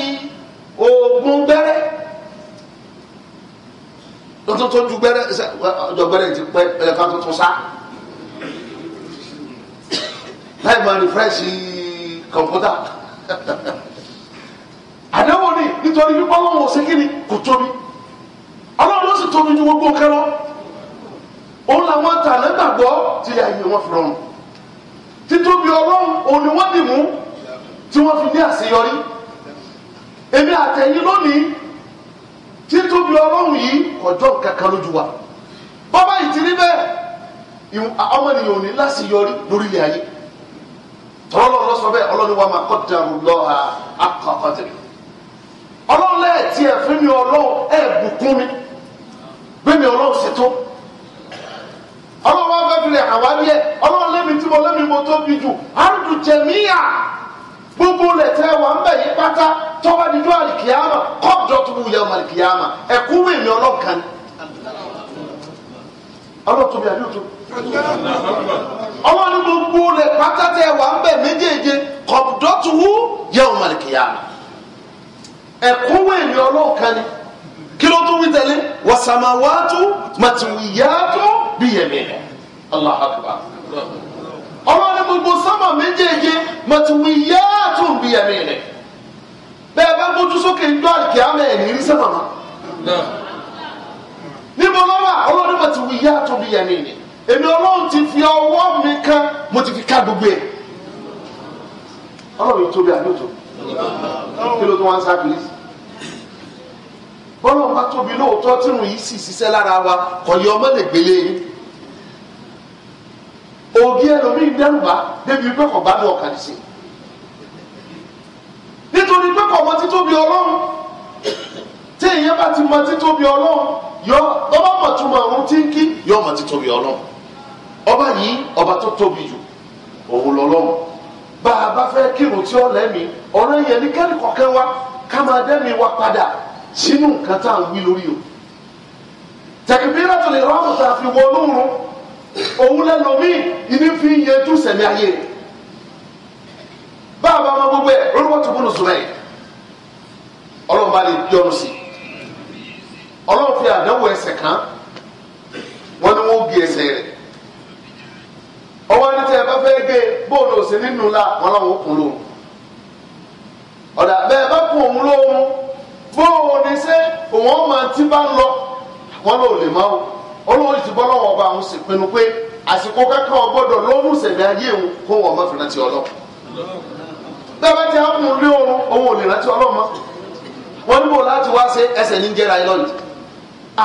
oògùn gbẹ́rẹ́ tuntun tó ju gbẹrẹ ọjọ́ gbẹrẹ ti pẹ́ ẹ̀ka tuntun sá láì máa rìfírẹ́sì kọ̀ǹpútà àdéhùn ni nítorí wípé ọlọ́run ò sí kí ni kò tóbi ọlọ́run ló sì tóbi ju gbogbo nǹkan lọ òun làwọn tà lẹ́gbàgbọ́ tí ayé wọn fi rọrùn títóbi ọlọ́run òun ni wọ́n dì mú tí wọ́n fi ní àṣeyọrí èmi àtẹ̀yìn lónìí títóbi ọlọ́run yìí ọjọ́ kankan lójú wa bọ́bá yìí ti rí bẹ́ẹ̀ ọmọnìyàn ò ní láti yọrí lórílẹ̀ ayé tọ́lọ́lọ́ sọ bẹ́ẹ̀ ọlọ́run wa máa qaddaru Allaha haqqa qadrihi ọlọ́run lẹ́ẹ̀ tí ẹ̀ fún mi ọlọ́run ẹ̀ bùkún mi bẹ́ẹ̀ mi ọlọ́run ṣètò ọlọ́run wa fẹ́ fi lè àwa bí ẹ ọlọ́run lẹ́mi tí mo lẹ́mi mo tóbi jù àrùn jẹ̀míyà gbogbo lẹ̀ tẹ́ ń bẹ̀ yí pátá tọ́ba dídú àlìkìyàmà kọ́ọ̀dọ̀ tó wù yà ọmọ àlìkìyàmà ẹ̀kú wù mí ọlọ́kan. ọlọ́tọ̀bí àdúgbò ọlọ́ni gbogbo rẹ̀ pátátẹ̀ wà ń bẹ̀ méjèèje yà ẹ̀kú ọlọ́kan ni kí ló tún wí tẹ̀lé Allah akbar gbogbo méjèèje rẹ̀. bẹ́ẹ̀ bá gbójú sókè ń gbọ́ àlùkí àmọ́ ẹ̀ ní irisẹ́ màmá. níbo ló wà ọlọ́run bá ti wí yá tó bí yẹn nìyẹn èmi ọlọ́run ti fi ọwọ́ mi kan mo ti fi ká gbogbo ẹ̀. ọlọ́run yóò tóbi àlójọ kí ló tó wá ń sá kiri bọ́lọ́run bá tóbi lóòótọ́ tírun yìí sì ṣiṣẹ́ lára wa kọ̀yọ́ ọmọ lè gbélé yín ògì ẹlòmíín dẹ́rù bá débi pé kò gbádùn ọ̀kadì sí i nítorí pé kò mọ títóbi ọlọ́run tí èèyàn bá ti mọ títóbi ọlọ́run yọ ọba mọ̀túmọ̀ ọ̀run tí ń kí yọ mọ títóbi ọlọ́run ọba yìí ọba tó tóbi jù òun lọ́lọ́run bá a bá fẹ́ kírun tí ó lẹ́mí ọ̀rọ̀ yẹn ní kẹ́nìkan kẹ́ wá ká máa dẹ́mi wá padà sínú nǹkan tá à ń wí lórí o tẹkibíra tó lè rọ́ọ̀mù tá a fi wọ olóorun òun lẹ́nu mí ìní fi ń yẹjú sẹ̀mí ayé rẹ̀ bá a bá ma gbogbo ẹ̀ olúwa tó bọ́nu zùmẹ̀ ọlọ́run bá lè sí ọlọ́run fi àdánwò ẹsẹ̀ kan wọ́n bí ẹsẹ̀ rẹ̀ ọwọ́ ẹ bá fẹ́ gé bóòlù la wọn làwọn kún lóhùn ọ̀dà bẹ́ẹ̀ bá kún òun lóhùn bóòlù ní sẹ́ òun bá ń lọ wọn lò lè máa ti bọ́ lọ́wọ́ ọba àwọn sì pinnu pé àsìkò kankan ọgbọ́dọ̀ lóhùn ayé òun kó wọn fìlà tọ́ba ti hapun lé oorun òun ò lè rántí ọlọ́run mọ́ wọ́n níbo láti wá ṣe ẹsẹ̀ ní jẹ́ra ẹ lọ́yìn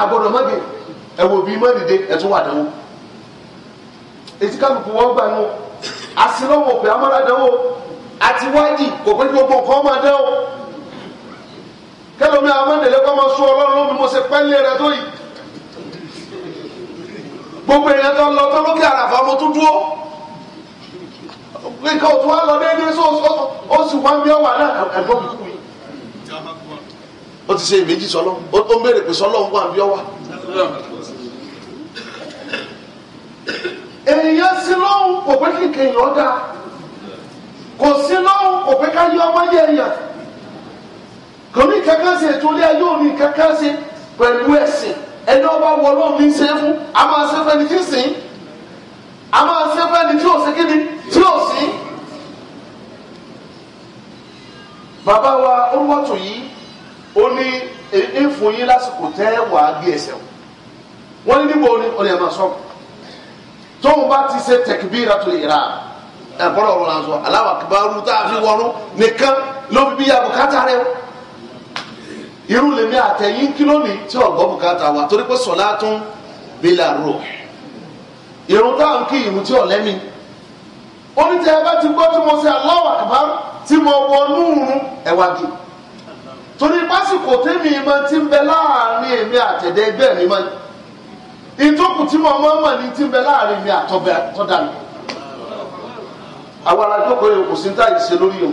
àgbọ̀dọ̀ mọ́gẹ̀ ẹ̀wò bíi mọ́nìdé ẹ̀tún wà dánwò etí kálukú wọ́n gbà nù asinọ́wò pé amọ́ra dánwò àti wájì kò pé gbogbo nǹkan máa dánwò kẹlòmí amọ́ndẹ̀lẹ́ kọ́ máa sún ọlọ́run lómi mo ṣe pẹ́ńlẹ̀ rẹ tó yìí gbogbo èèyàn tó lọ tó lókè àràfà mo tún dúró nǹkan ò tún wá lọ déédéé so ó sì wá mi ọwà náà ẹ̀gbọ́n mi kú mi. ó ti ṣe ìmẹ́jì sọlọ́ ó ń béèrè pé sọlọ́ ń wà mí ọwà. èèyàn sí lọ́hùn kò pé kí kéèyàn dá kò sí lọ́hùn kò pé ká yí ọmọ yẹ èèyàn kò ní kankan ṣe ètò ilé ayé òní kankan ṣe pẹ̀lú ẹ̀sìn ẹni ọba wọlọ́ọ̀ ní í ṣe é fún a máa ṣe fẹ́ni tí ń sìn ín a máa ṣe fẹ́ ni tí ò sí kíni tí ò sí. bàbá wa ó wọ́tò yìí ó ní èéfò yín lásìkò tẹ́ wàá gbé ẹsẹ̀ o wọ́n ní níbo ni ọ̀rẹ́ máa sọ tóun bá ti ṣe tẹkibíra tó yẹra ẹ̀bọ́n ọ̀rọ̀ la sọ Allahu akbaru tá a fi wọnú nìkan ló fi bí ya bùkátà rẹ o irú lèmi àtẹ̀yìn kí lónìí tí ọ̀gbọ́n bùkátà wa torí pé sọ̀lá tún bí la rò. irun táà ń kí irun tí ọ̀lẹ́mi oníṣẹ́ ti gbọ́ tí mo ṣe tí mo wọnú irun ẹ̀wájú torí pásìkò tẹ́mi ti ń bẹ láàrin èmi àtẹ̀dẹ́ ẹgbẹ́ mi mọ́ ìtòkù tí mo mọ́ ti ń bẹ láàrin èmi àtọ́bẹ̀ àtọ́dà mi àwọn arájókòó yẹn kò sí ní táyì ṣe lórí o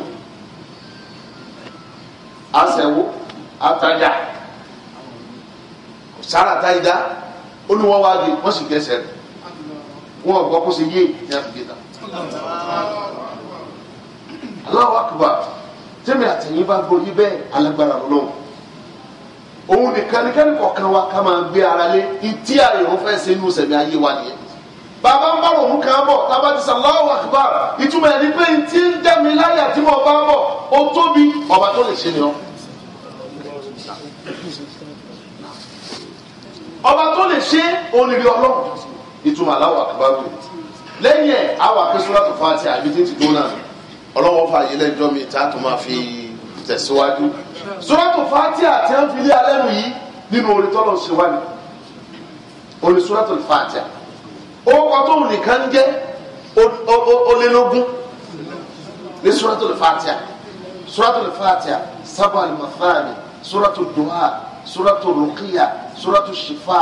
àṣẹwó àtajà sára wọn ò gbọ́ kó ṣe yé ní àfìgẹ́ta. Allahu akbar tẹ́mi àtẹ̀yìn bá gbórí bẹ́ẹ̀ alágbára lọ́wọ́ òun nìkan nìkan ní kọ̀ọ̀kan wa ká máa gbé ara lé ìtí àyẹ̀wò fẹ́ se inú sẹ̀mí ayé wa nìyẹn. bàbá ń bá òun kan bọ̀ tábà ti Allahu akbar ìtumọ̀ ẹ̀ ní pé ìtí ń jẹ́ mi láyà tí mo bá bọ̀ O tóbi ọba tó lè ṣe nìyẹn. ọba tó lè ṣe onílé ọlọ́run ìtumọ̀ aláwọ̀ àkùbárù lẹ́yìn ẹ̀ àwọn akẹ́sọ́lá tó fàá ti àbítí ti dúró náà ọlọ́wọ́ fààyè lẹ́jọ́ mi tá a tún máa fi tẹ̀síwájú. sọ́látò fàtíà tí wọ́n fi lé alẹ́ nù yìí nínú orin tọ́lọ̀ ṣe wá ní orin sọ́látò fàtíà orúkọ tó wù nìkan jẹ́ olélógún ní sọ́látò fàtíà sọ́látò fàtíà sábà al-mathani sọ́látò duha sọ́látò ruqiyya sọ́látò shifa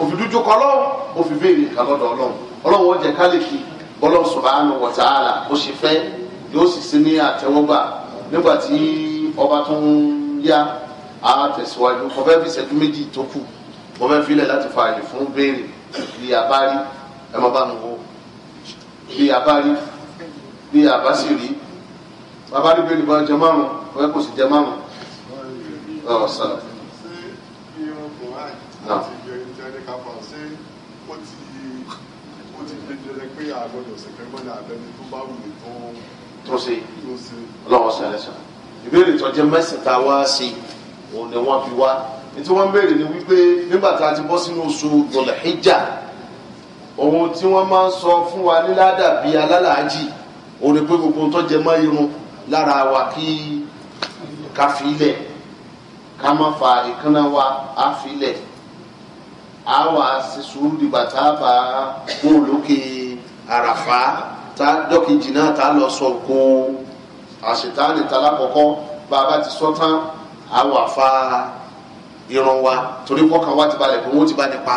òfin dúdú kọ lọ́wọ́ òfin béèrè kan lọ́dọ̀ ọlọ́run ọlọ́run ó jẹ́ ká lè fi ọlọ́run subhanahu wa ta'ala ó ṣe fẹ́ yóò sì sí ní àtẹ́wọ́gbà nígbà tí ọba tó ń yá a tẹ̀síwájú mo fẹ́ fi ṣẹ́jú méjì tó kù mo fẹ́ filẹ̀ láti fa àyè fún béèrè bí a bá rí ẹ má bá mi wo bí a bá rí bí a bá sì rí bàbá rí béèrè bá jẹ márùn bóyá kò sì jẹ márùn. ọ̀sán. No ẹ̀ka faransé ó ti ó ti di dandan pé àgbọ̀dọ̀ sèkẹ́mọ́lẹ̀ àbẹ́ni tó bá wù ní tó tó ṣe ọlọ́wọ́ sẹ́lẹ̀ sọ. ìbéèrè tó jẹ́ mẹ́sìta wá sí òun ni wọ́n fi wá ní tí wọ́n béèrè ni wípé nígbà tá a ti bọ́ sínú oṣù dọ̀lẹ́híjà ohun tí wọ́n máa ń sọ fún wa ní ládàbí alálàájì òun ni pé gbogbo tó jẹ mọ́ irun lára wa kí ká fi ilẹ̀ ká má fa ìkànnà wa á fi ilẹ̀ a wà di sùúrù dìgbà tá a bá kó lókè àràfá tá dọ́kejì náà tá a lọ sọ gun àṣetánì tá ti sọ tán fa ìran wa torí kọ́kàn wa ti balẹ̀ pé wọ́n ti bá ní pa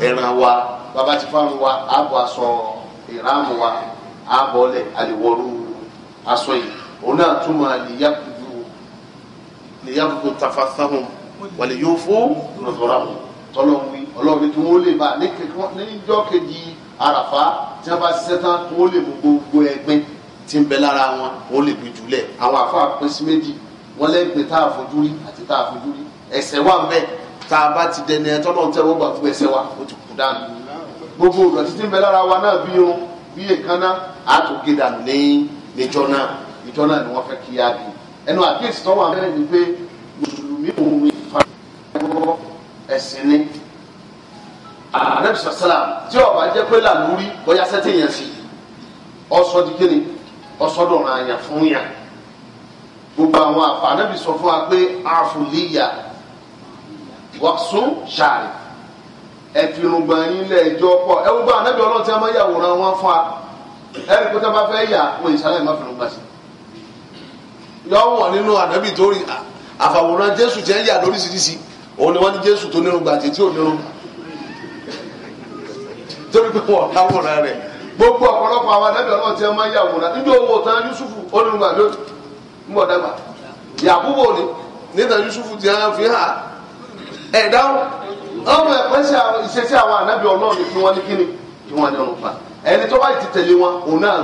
ẹran wa bá a bá ti fáwọn wa a bọ̀ aṣọ ìráàmù wa a bọ̀ ọ̀lẹ̀ àlèwọ̀rú aṣọ yìí òun náà túmọ̀ tafasahun wàlẹ̀ yóò fún nọ̀tọ̀ràhùn tọ́lọ́run wí ọlọ́run tí wọ́n lè bá níjọ́ kejì àràfá tí wọ́n bá ṣiṣẹ́ tán wọ́n lè mú gbogbo ẹ̀gbin tí ń bẹ lára wọn wọ́n lè gbé jùlẹ̀ àwọn àfa pín sí méjì wọ́n lẹ́gbẹ̀ẹ́ tá a fojú rí àti tá a fojú rí ẹ̀ṣẹ̀ wà ń bẹ tá a bá ti dẹni ẹ tọ́lọ́run tẹ́wọ́ gbà fún ẹ̀ṣẹ̀ wa ó ti kú dànù gbogbo ìdọ̀tí tí ń bẹ lára wa náà bí irun bí èékánná àtògé dànù ní níjọ náà ìjọ náà ni wọ́n fẹ́ kí á bí ẹnu àkíyèsí tọ́wọ́ abẹ́rẹ́ ni pé mùsùlùmí òun ìfà ẹ̀sìn ni anabi sàlám tí ọba jẹ́ pé làlúrí bóyá sẹ́tì yẹn sí ọsọ di kíni ọsọ dọ̀rọ̀ àyàn fún yàn gbogbo àwọn àfa anabi sọ fún wa pé àfùlíyà wàásù ṣàrì ẹ̀fìrùngbà yín lẹ́ẹ̀jọ́ pọ̀ ẹ gbogbo anabi ọlọ́run tí a máa yàwòrán wọn fún wa ẹ̀rí kó tí a bá fẹ́ yà wọ́n ìsàlẹ̀ má fìrùngbà sí yọ wọ̀ nínú anabi tó rí àfàwòrán jésù tí yà lóríṣiríṣi òun ni wọ́n ní jésù tó nírun gbàjẹ́ tí ò nírun gbà torí pé wọn láwòrán rẹ̀ gbogbo ọ̀pọ̀lọpọ̀ àwọn adájọ́ náà ti máa ń yàwòrán níjọ́ owó tán Yusufu onírúgbà lónìí ń bọ̀ dàgbà ni níta Yusufu ti hàn fi hàn ìṣesí àwọn anábì ní kíni kí pa ẹni tó bá ti wọn òun náà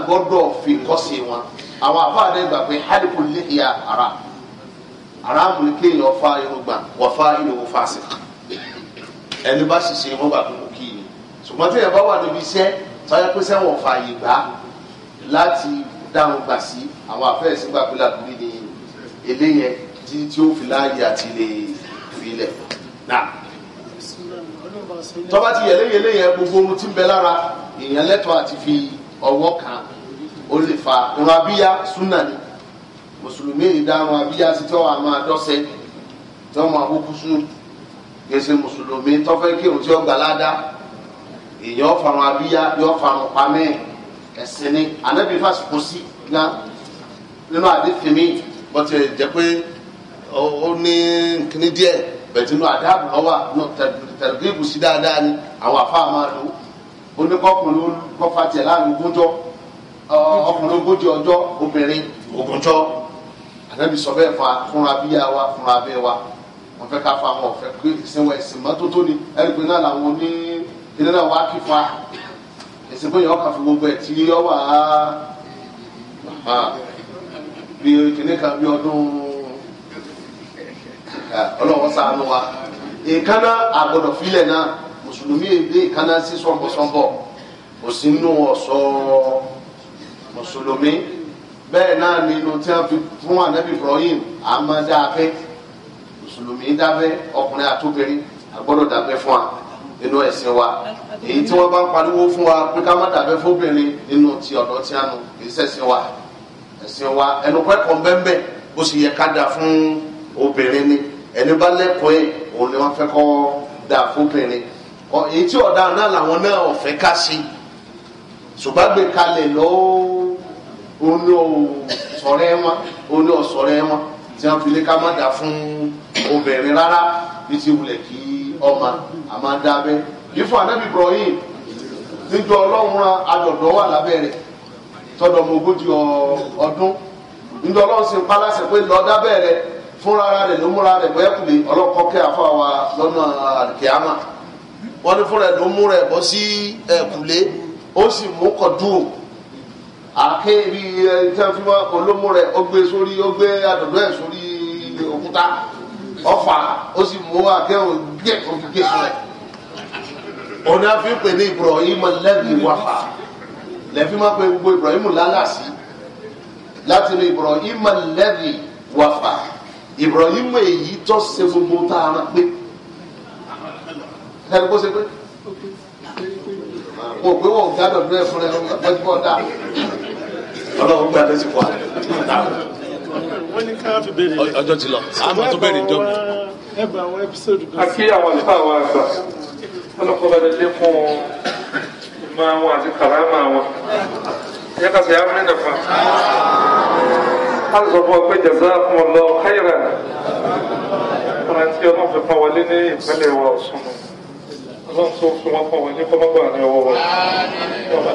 fi kọ́ sí wọn àwọn gbà pé ara aráàmù kéèyàn fa irun gbà wọ́n fa irun fa sí ẹni bá ṣiṣẹ́ ṣùgbọ́n tí èèyàn bá wà níbi iṣẹ́ sọ́yẹ́ pé sẹ́wọ̀n fààyè gbá láti dáhùn gbà sí àwọn àfẹ́ẹ̀sí gbàgbélà lórí ni eléyẹn tí tí ó fi láàyè àti lè filẹ̀ náà tọ́ba ti yẹ̀léyẹ̀lé yẹn gbogbo ohun tí ń bẹ lára èèyàn lẹ́tọ̀ọ́ àti fi ọwọ́ kan ó lè fa irun abíyá súnà ni mùsùlùmí ìdáhùn abíyá sí tí wọ́n á tí wọ́n máa hó kúsù gbèsè mùsùlùmí tọ́fẹ́ kírun tí wọ́n gbà ládàá èèyàn ọ̀farun abíyá yóò farun pamẹ́ ẹ̀sìn ni anabi fásitì kò sí gan nínú àdéfìmí bó ti jẹ́ pé ó ní kíní díẹ̀ bẹ̀tẹ̀ nínú àdáàbò lọ́wọ́ tẹ̀lifíìbù sí dáadáa ni àwọn àfa máa lò ó ní kọ́kùnrin kọ́fà tiẹ̀ láàrin ogúnjọ́ ọkùnrin ogójì ọjọ́ obìnrin ogúnjọ́ anabi sọ bẹ́ẹ̀ fa fúnra bíyá wa fúnra bẹ́ẹ̀ wa wọ́n fẹ́ ká fa wọn ọ̀fẹ́ pé ìsinwó ẹ̀sìn mọ́tótó ni ẹ̀rí pé náà làwọn ilé náà wá kí fa ẹsìn bóyá ọkà fún gbogbo ẹ tí yọ wà á ah, bí kìnnì kan bí ọdún ah, ọlọ́wọ́ sànù wa èkánná àgbọ̀dọ̀ filẹ̀ náà mùsùlùmí èdè èkánná sí sọ̀bọ̀sọ̀bọ̀ kò sí nù ọ̀sọ́ mùsùlùmí bẹ́ẹ̀ náà nínú tí wọ́n fi fún anabi Ibrahim àmọ́ dáfẹ́ mùsùlùmí dáfẹ́ ọkùnrin àtòbìnrin àgbọ̀dọ̀ dáfẹ́ fún wa nínú ẹ̀sìn wa èyí tí wọ́n bá ń pariwo fún wa pé ká má dàbẹ́ fóbìnrin nínú ti ọ̀dọ́ tí a nù kì í ṣẹ̀sìn wa ẹ̀sìn wa ẹnu kẹ́kọ̀ọ́ bẹ́ẹ̀ bó sì yẹ ká dà fún obìnrin ni ẹni bá lẹ́kọ̀ọ́ yẹn òun ni wọ́n fẹ́ kọ́ dà fóbìnrin èyí tí ọ̀dà náà làwọn náà ọ̀fẹ́ ká sí ṣùgbọ́n gbé kalẹ̀ lọ́wọ́ onu ọsọrẹ wọn onu ọsọrẹ wọn tí wọn fi lé ká má dà fún obìnrin rárá bí ti wulẹ̀ kí Ọma, àmàdàbẹ ìfọ anabi Ibrahim níjọ Ọlọ́run ra àjọ̀dọ̀ wà lábẹ́ rẹ̀ tọdọ mọ ogójì ọdún níjọ Ọlọ́run sì ń paláṣẹ pé lọ dábẹ́ rẹ̀ fúnra rẹ̀ ló múra rẹ̀ kùlé ọlọ́kọ́ kẹ́ afọ lọ́nà àlùkìyàmà wọ́n ní fúnra rẹ̀ ló mú rẹ̀ bọ́ sí ẹ̀kùlé ó sì mú kọ̀dú àáké tí ọfà ó sì mú owó akẹ́wọ̀n gbé òfìgé fún ẹ. òun á fi pè ní Ibrahim lẹ́bi wàfà lẹ́fi máa pe gbogbo Ibrahim lálàsí láti ní Ibrahim lẹ́bi wàfà Ibrahim èyí tó ṣe gbogbo tá a rán pé ẹni kó ṣe pé wọn ò pé wọn ò gbádùn ẹ fún ẹ wọn ti bọ́ dà ọlọ́run gbàdúrà sí fún wa wọ́n ní ká fi béèrè. ọjọ́ ti lọ àmọ́ tó béèrè jọ. a kí àwọn àlùfáà àwọn àgbà wọn lọ kọ́ ìmọ̀ àwọn àti kàrámà wọn. ìyá kàṣẹ yà wọlé nàfà. a sọ fún ọ pé jazakumullahu khairan. ọ̀nà tí ọlọ́run fi pọ́n wọlé ní ìpínlẹ̀ wa Ọ̀ṣun. ọlọ́run tó fi wọ́n pọ́n wọlé kọ́mọ́gbà ní ọwọ́ wọn.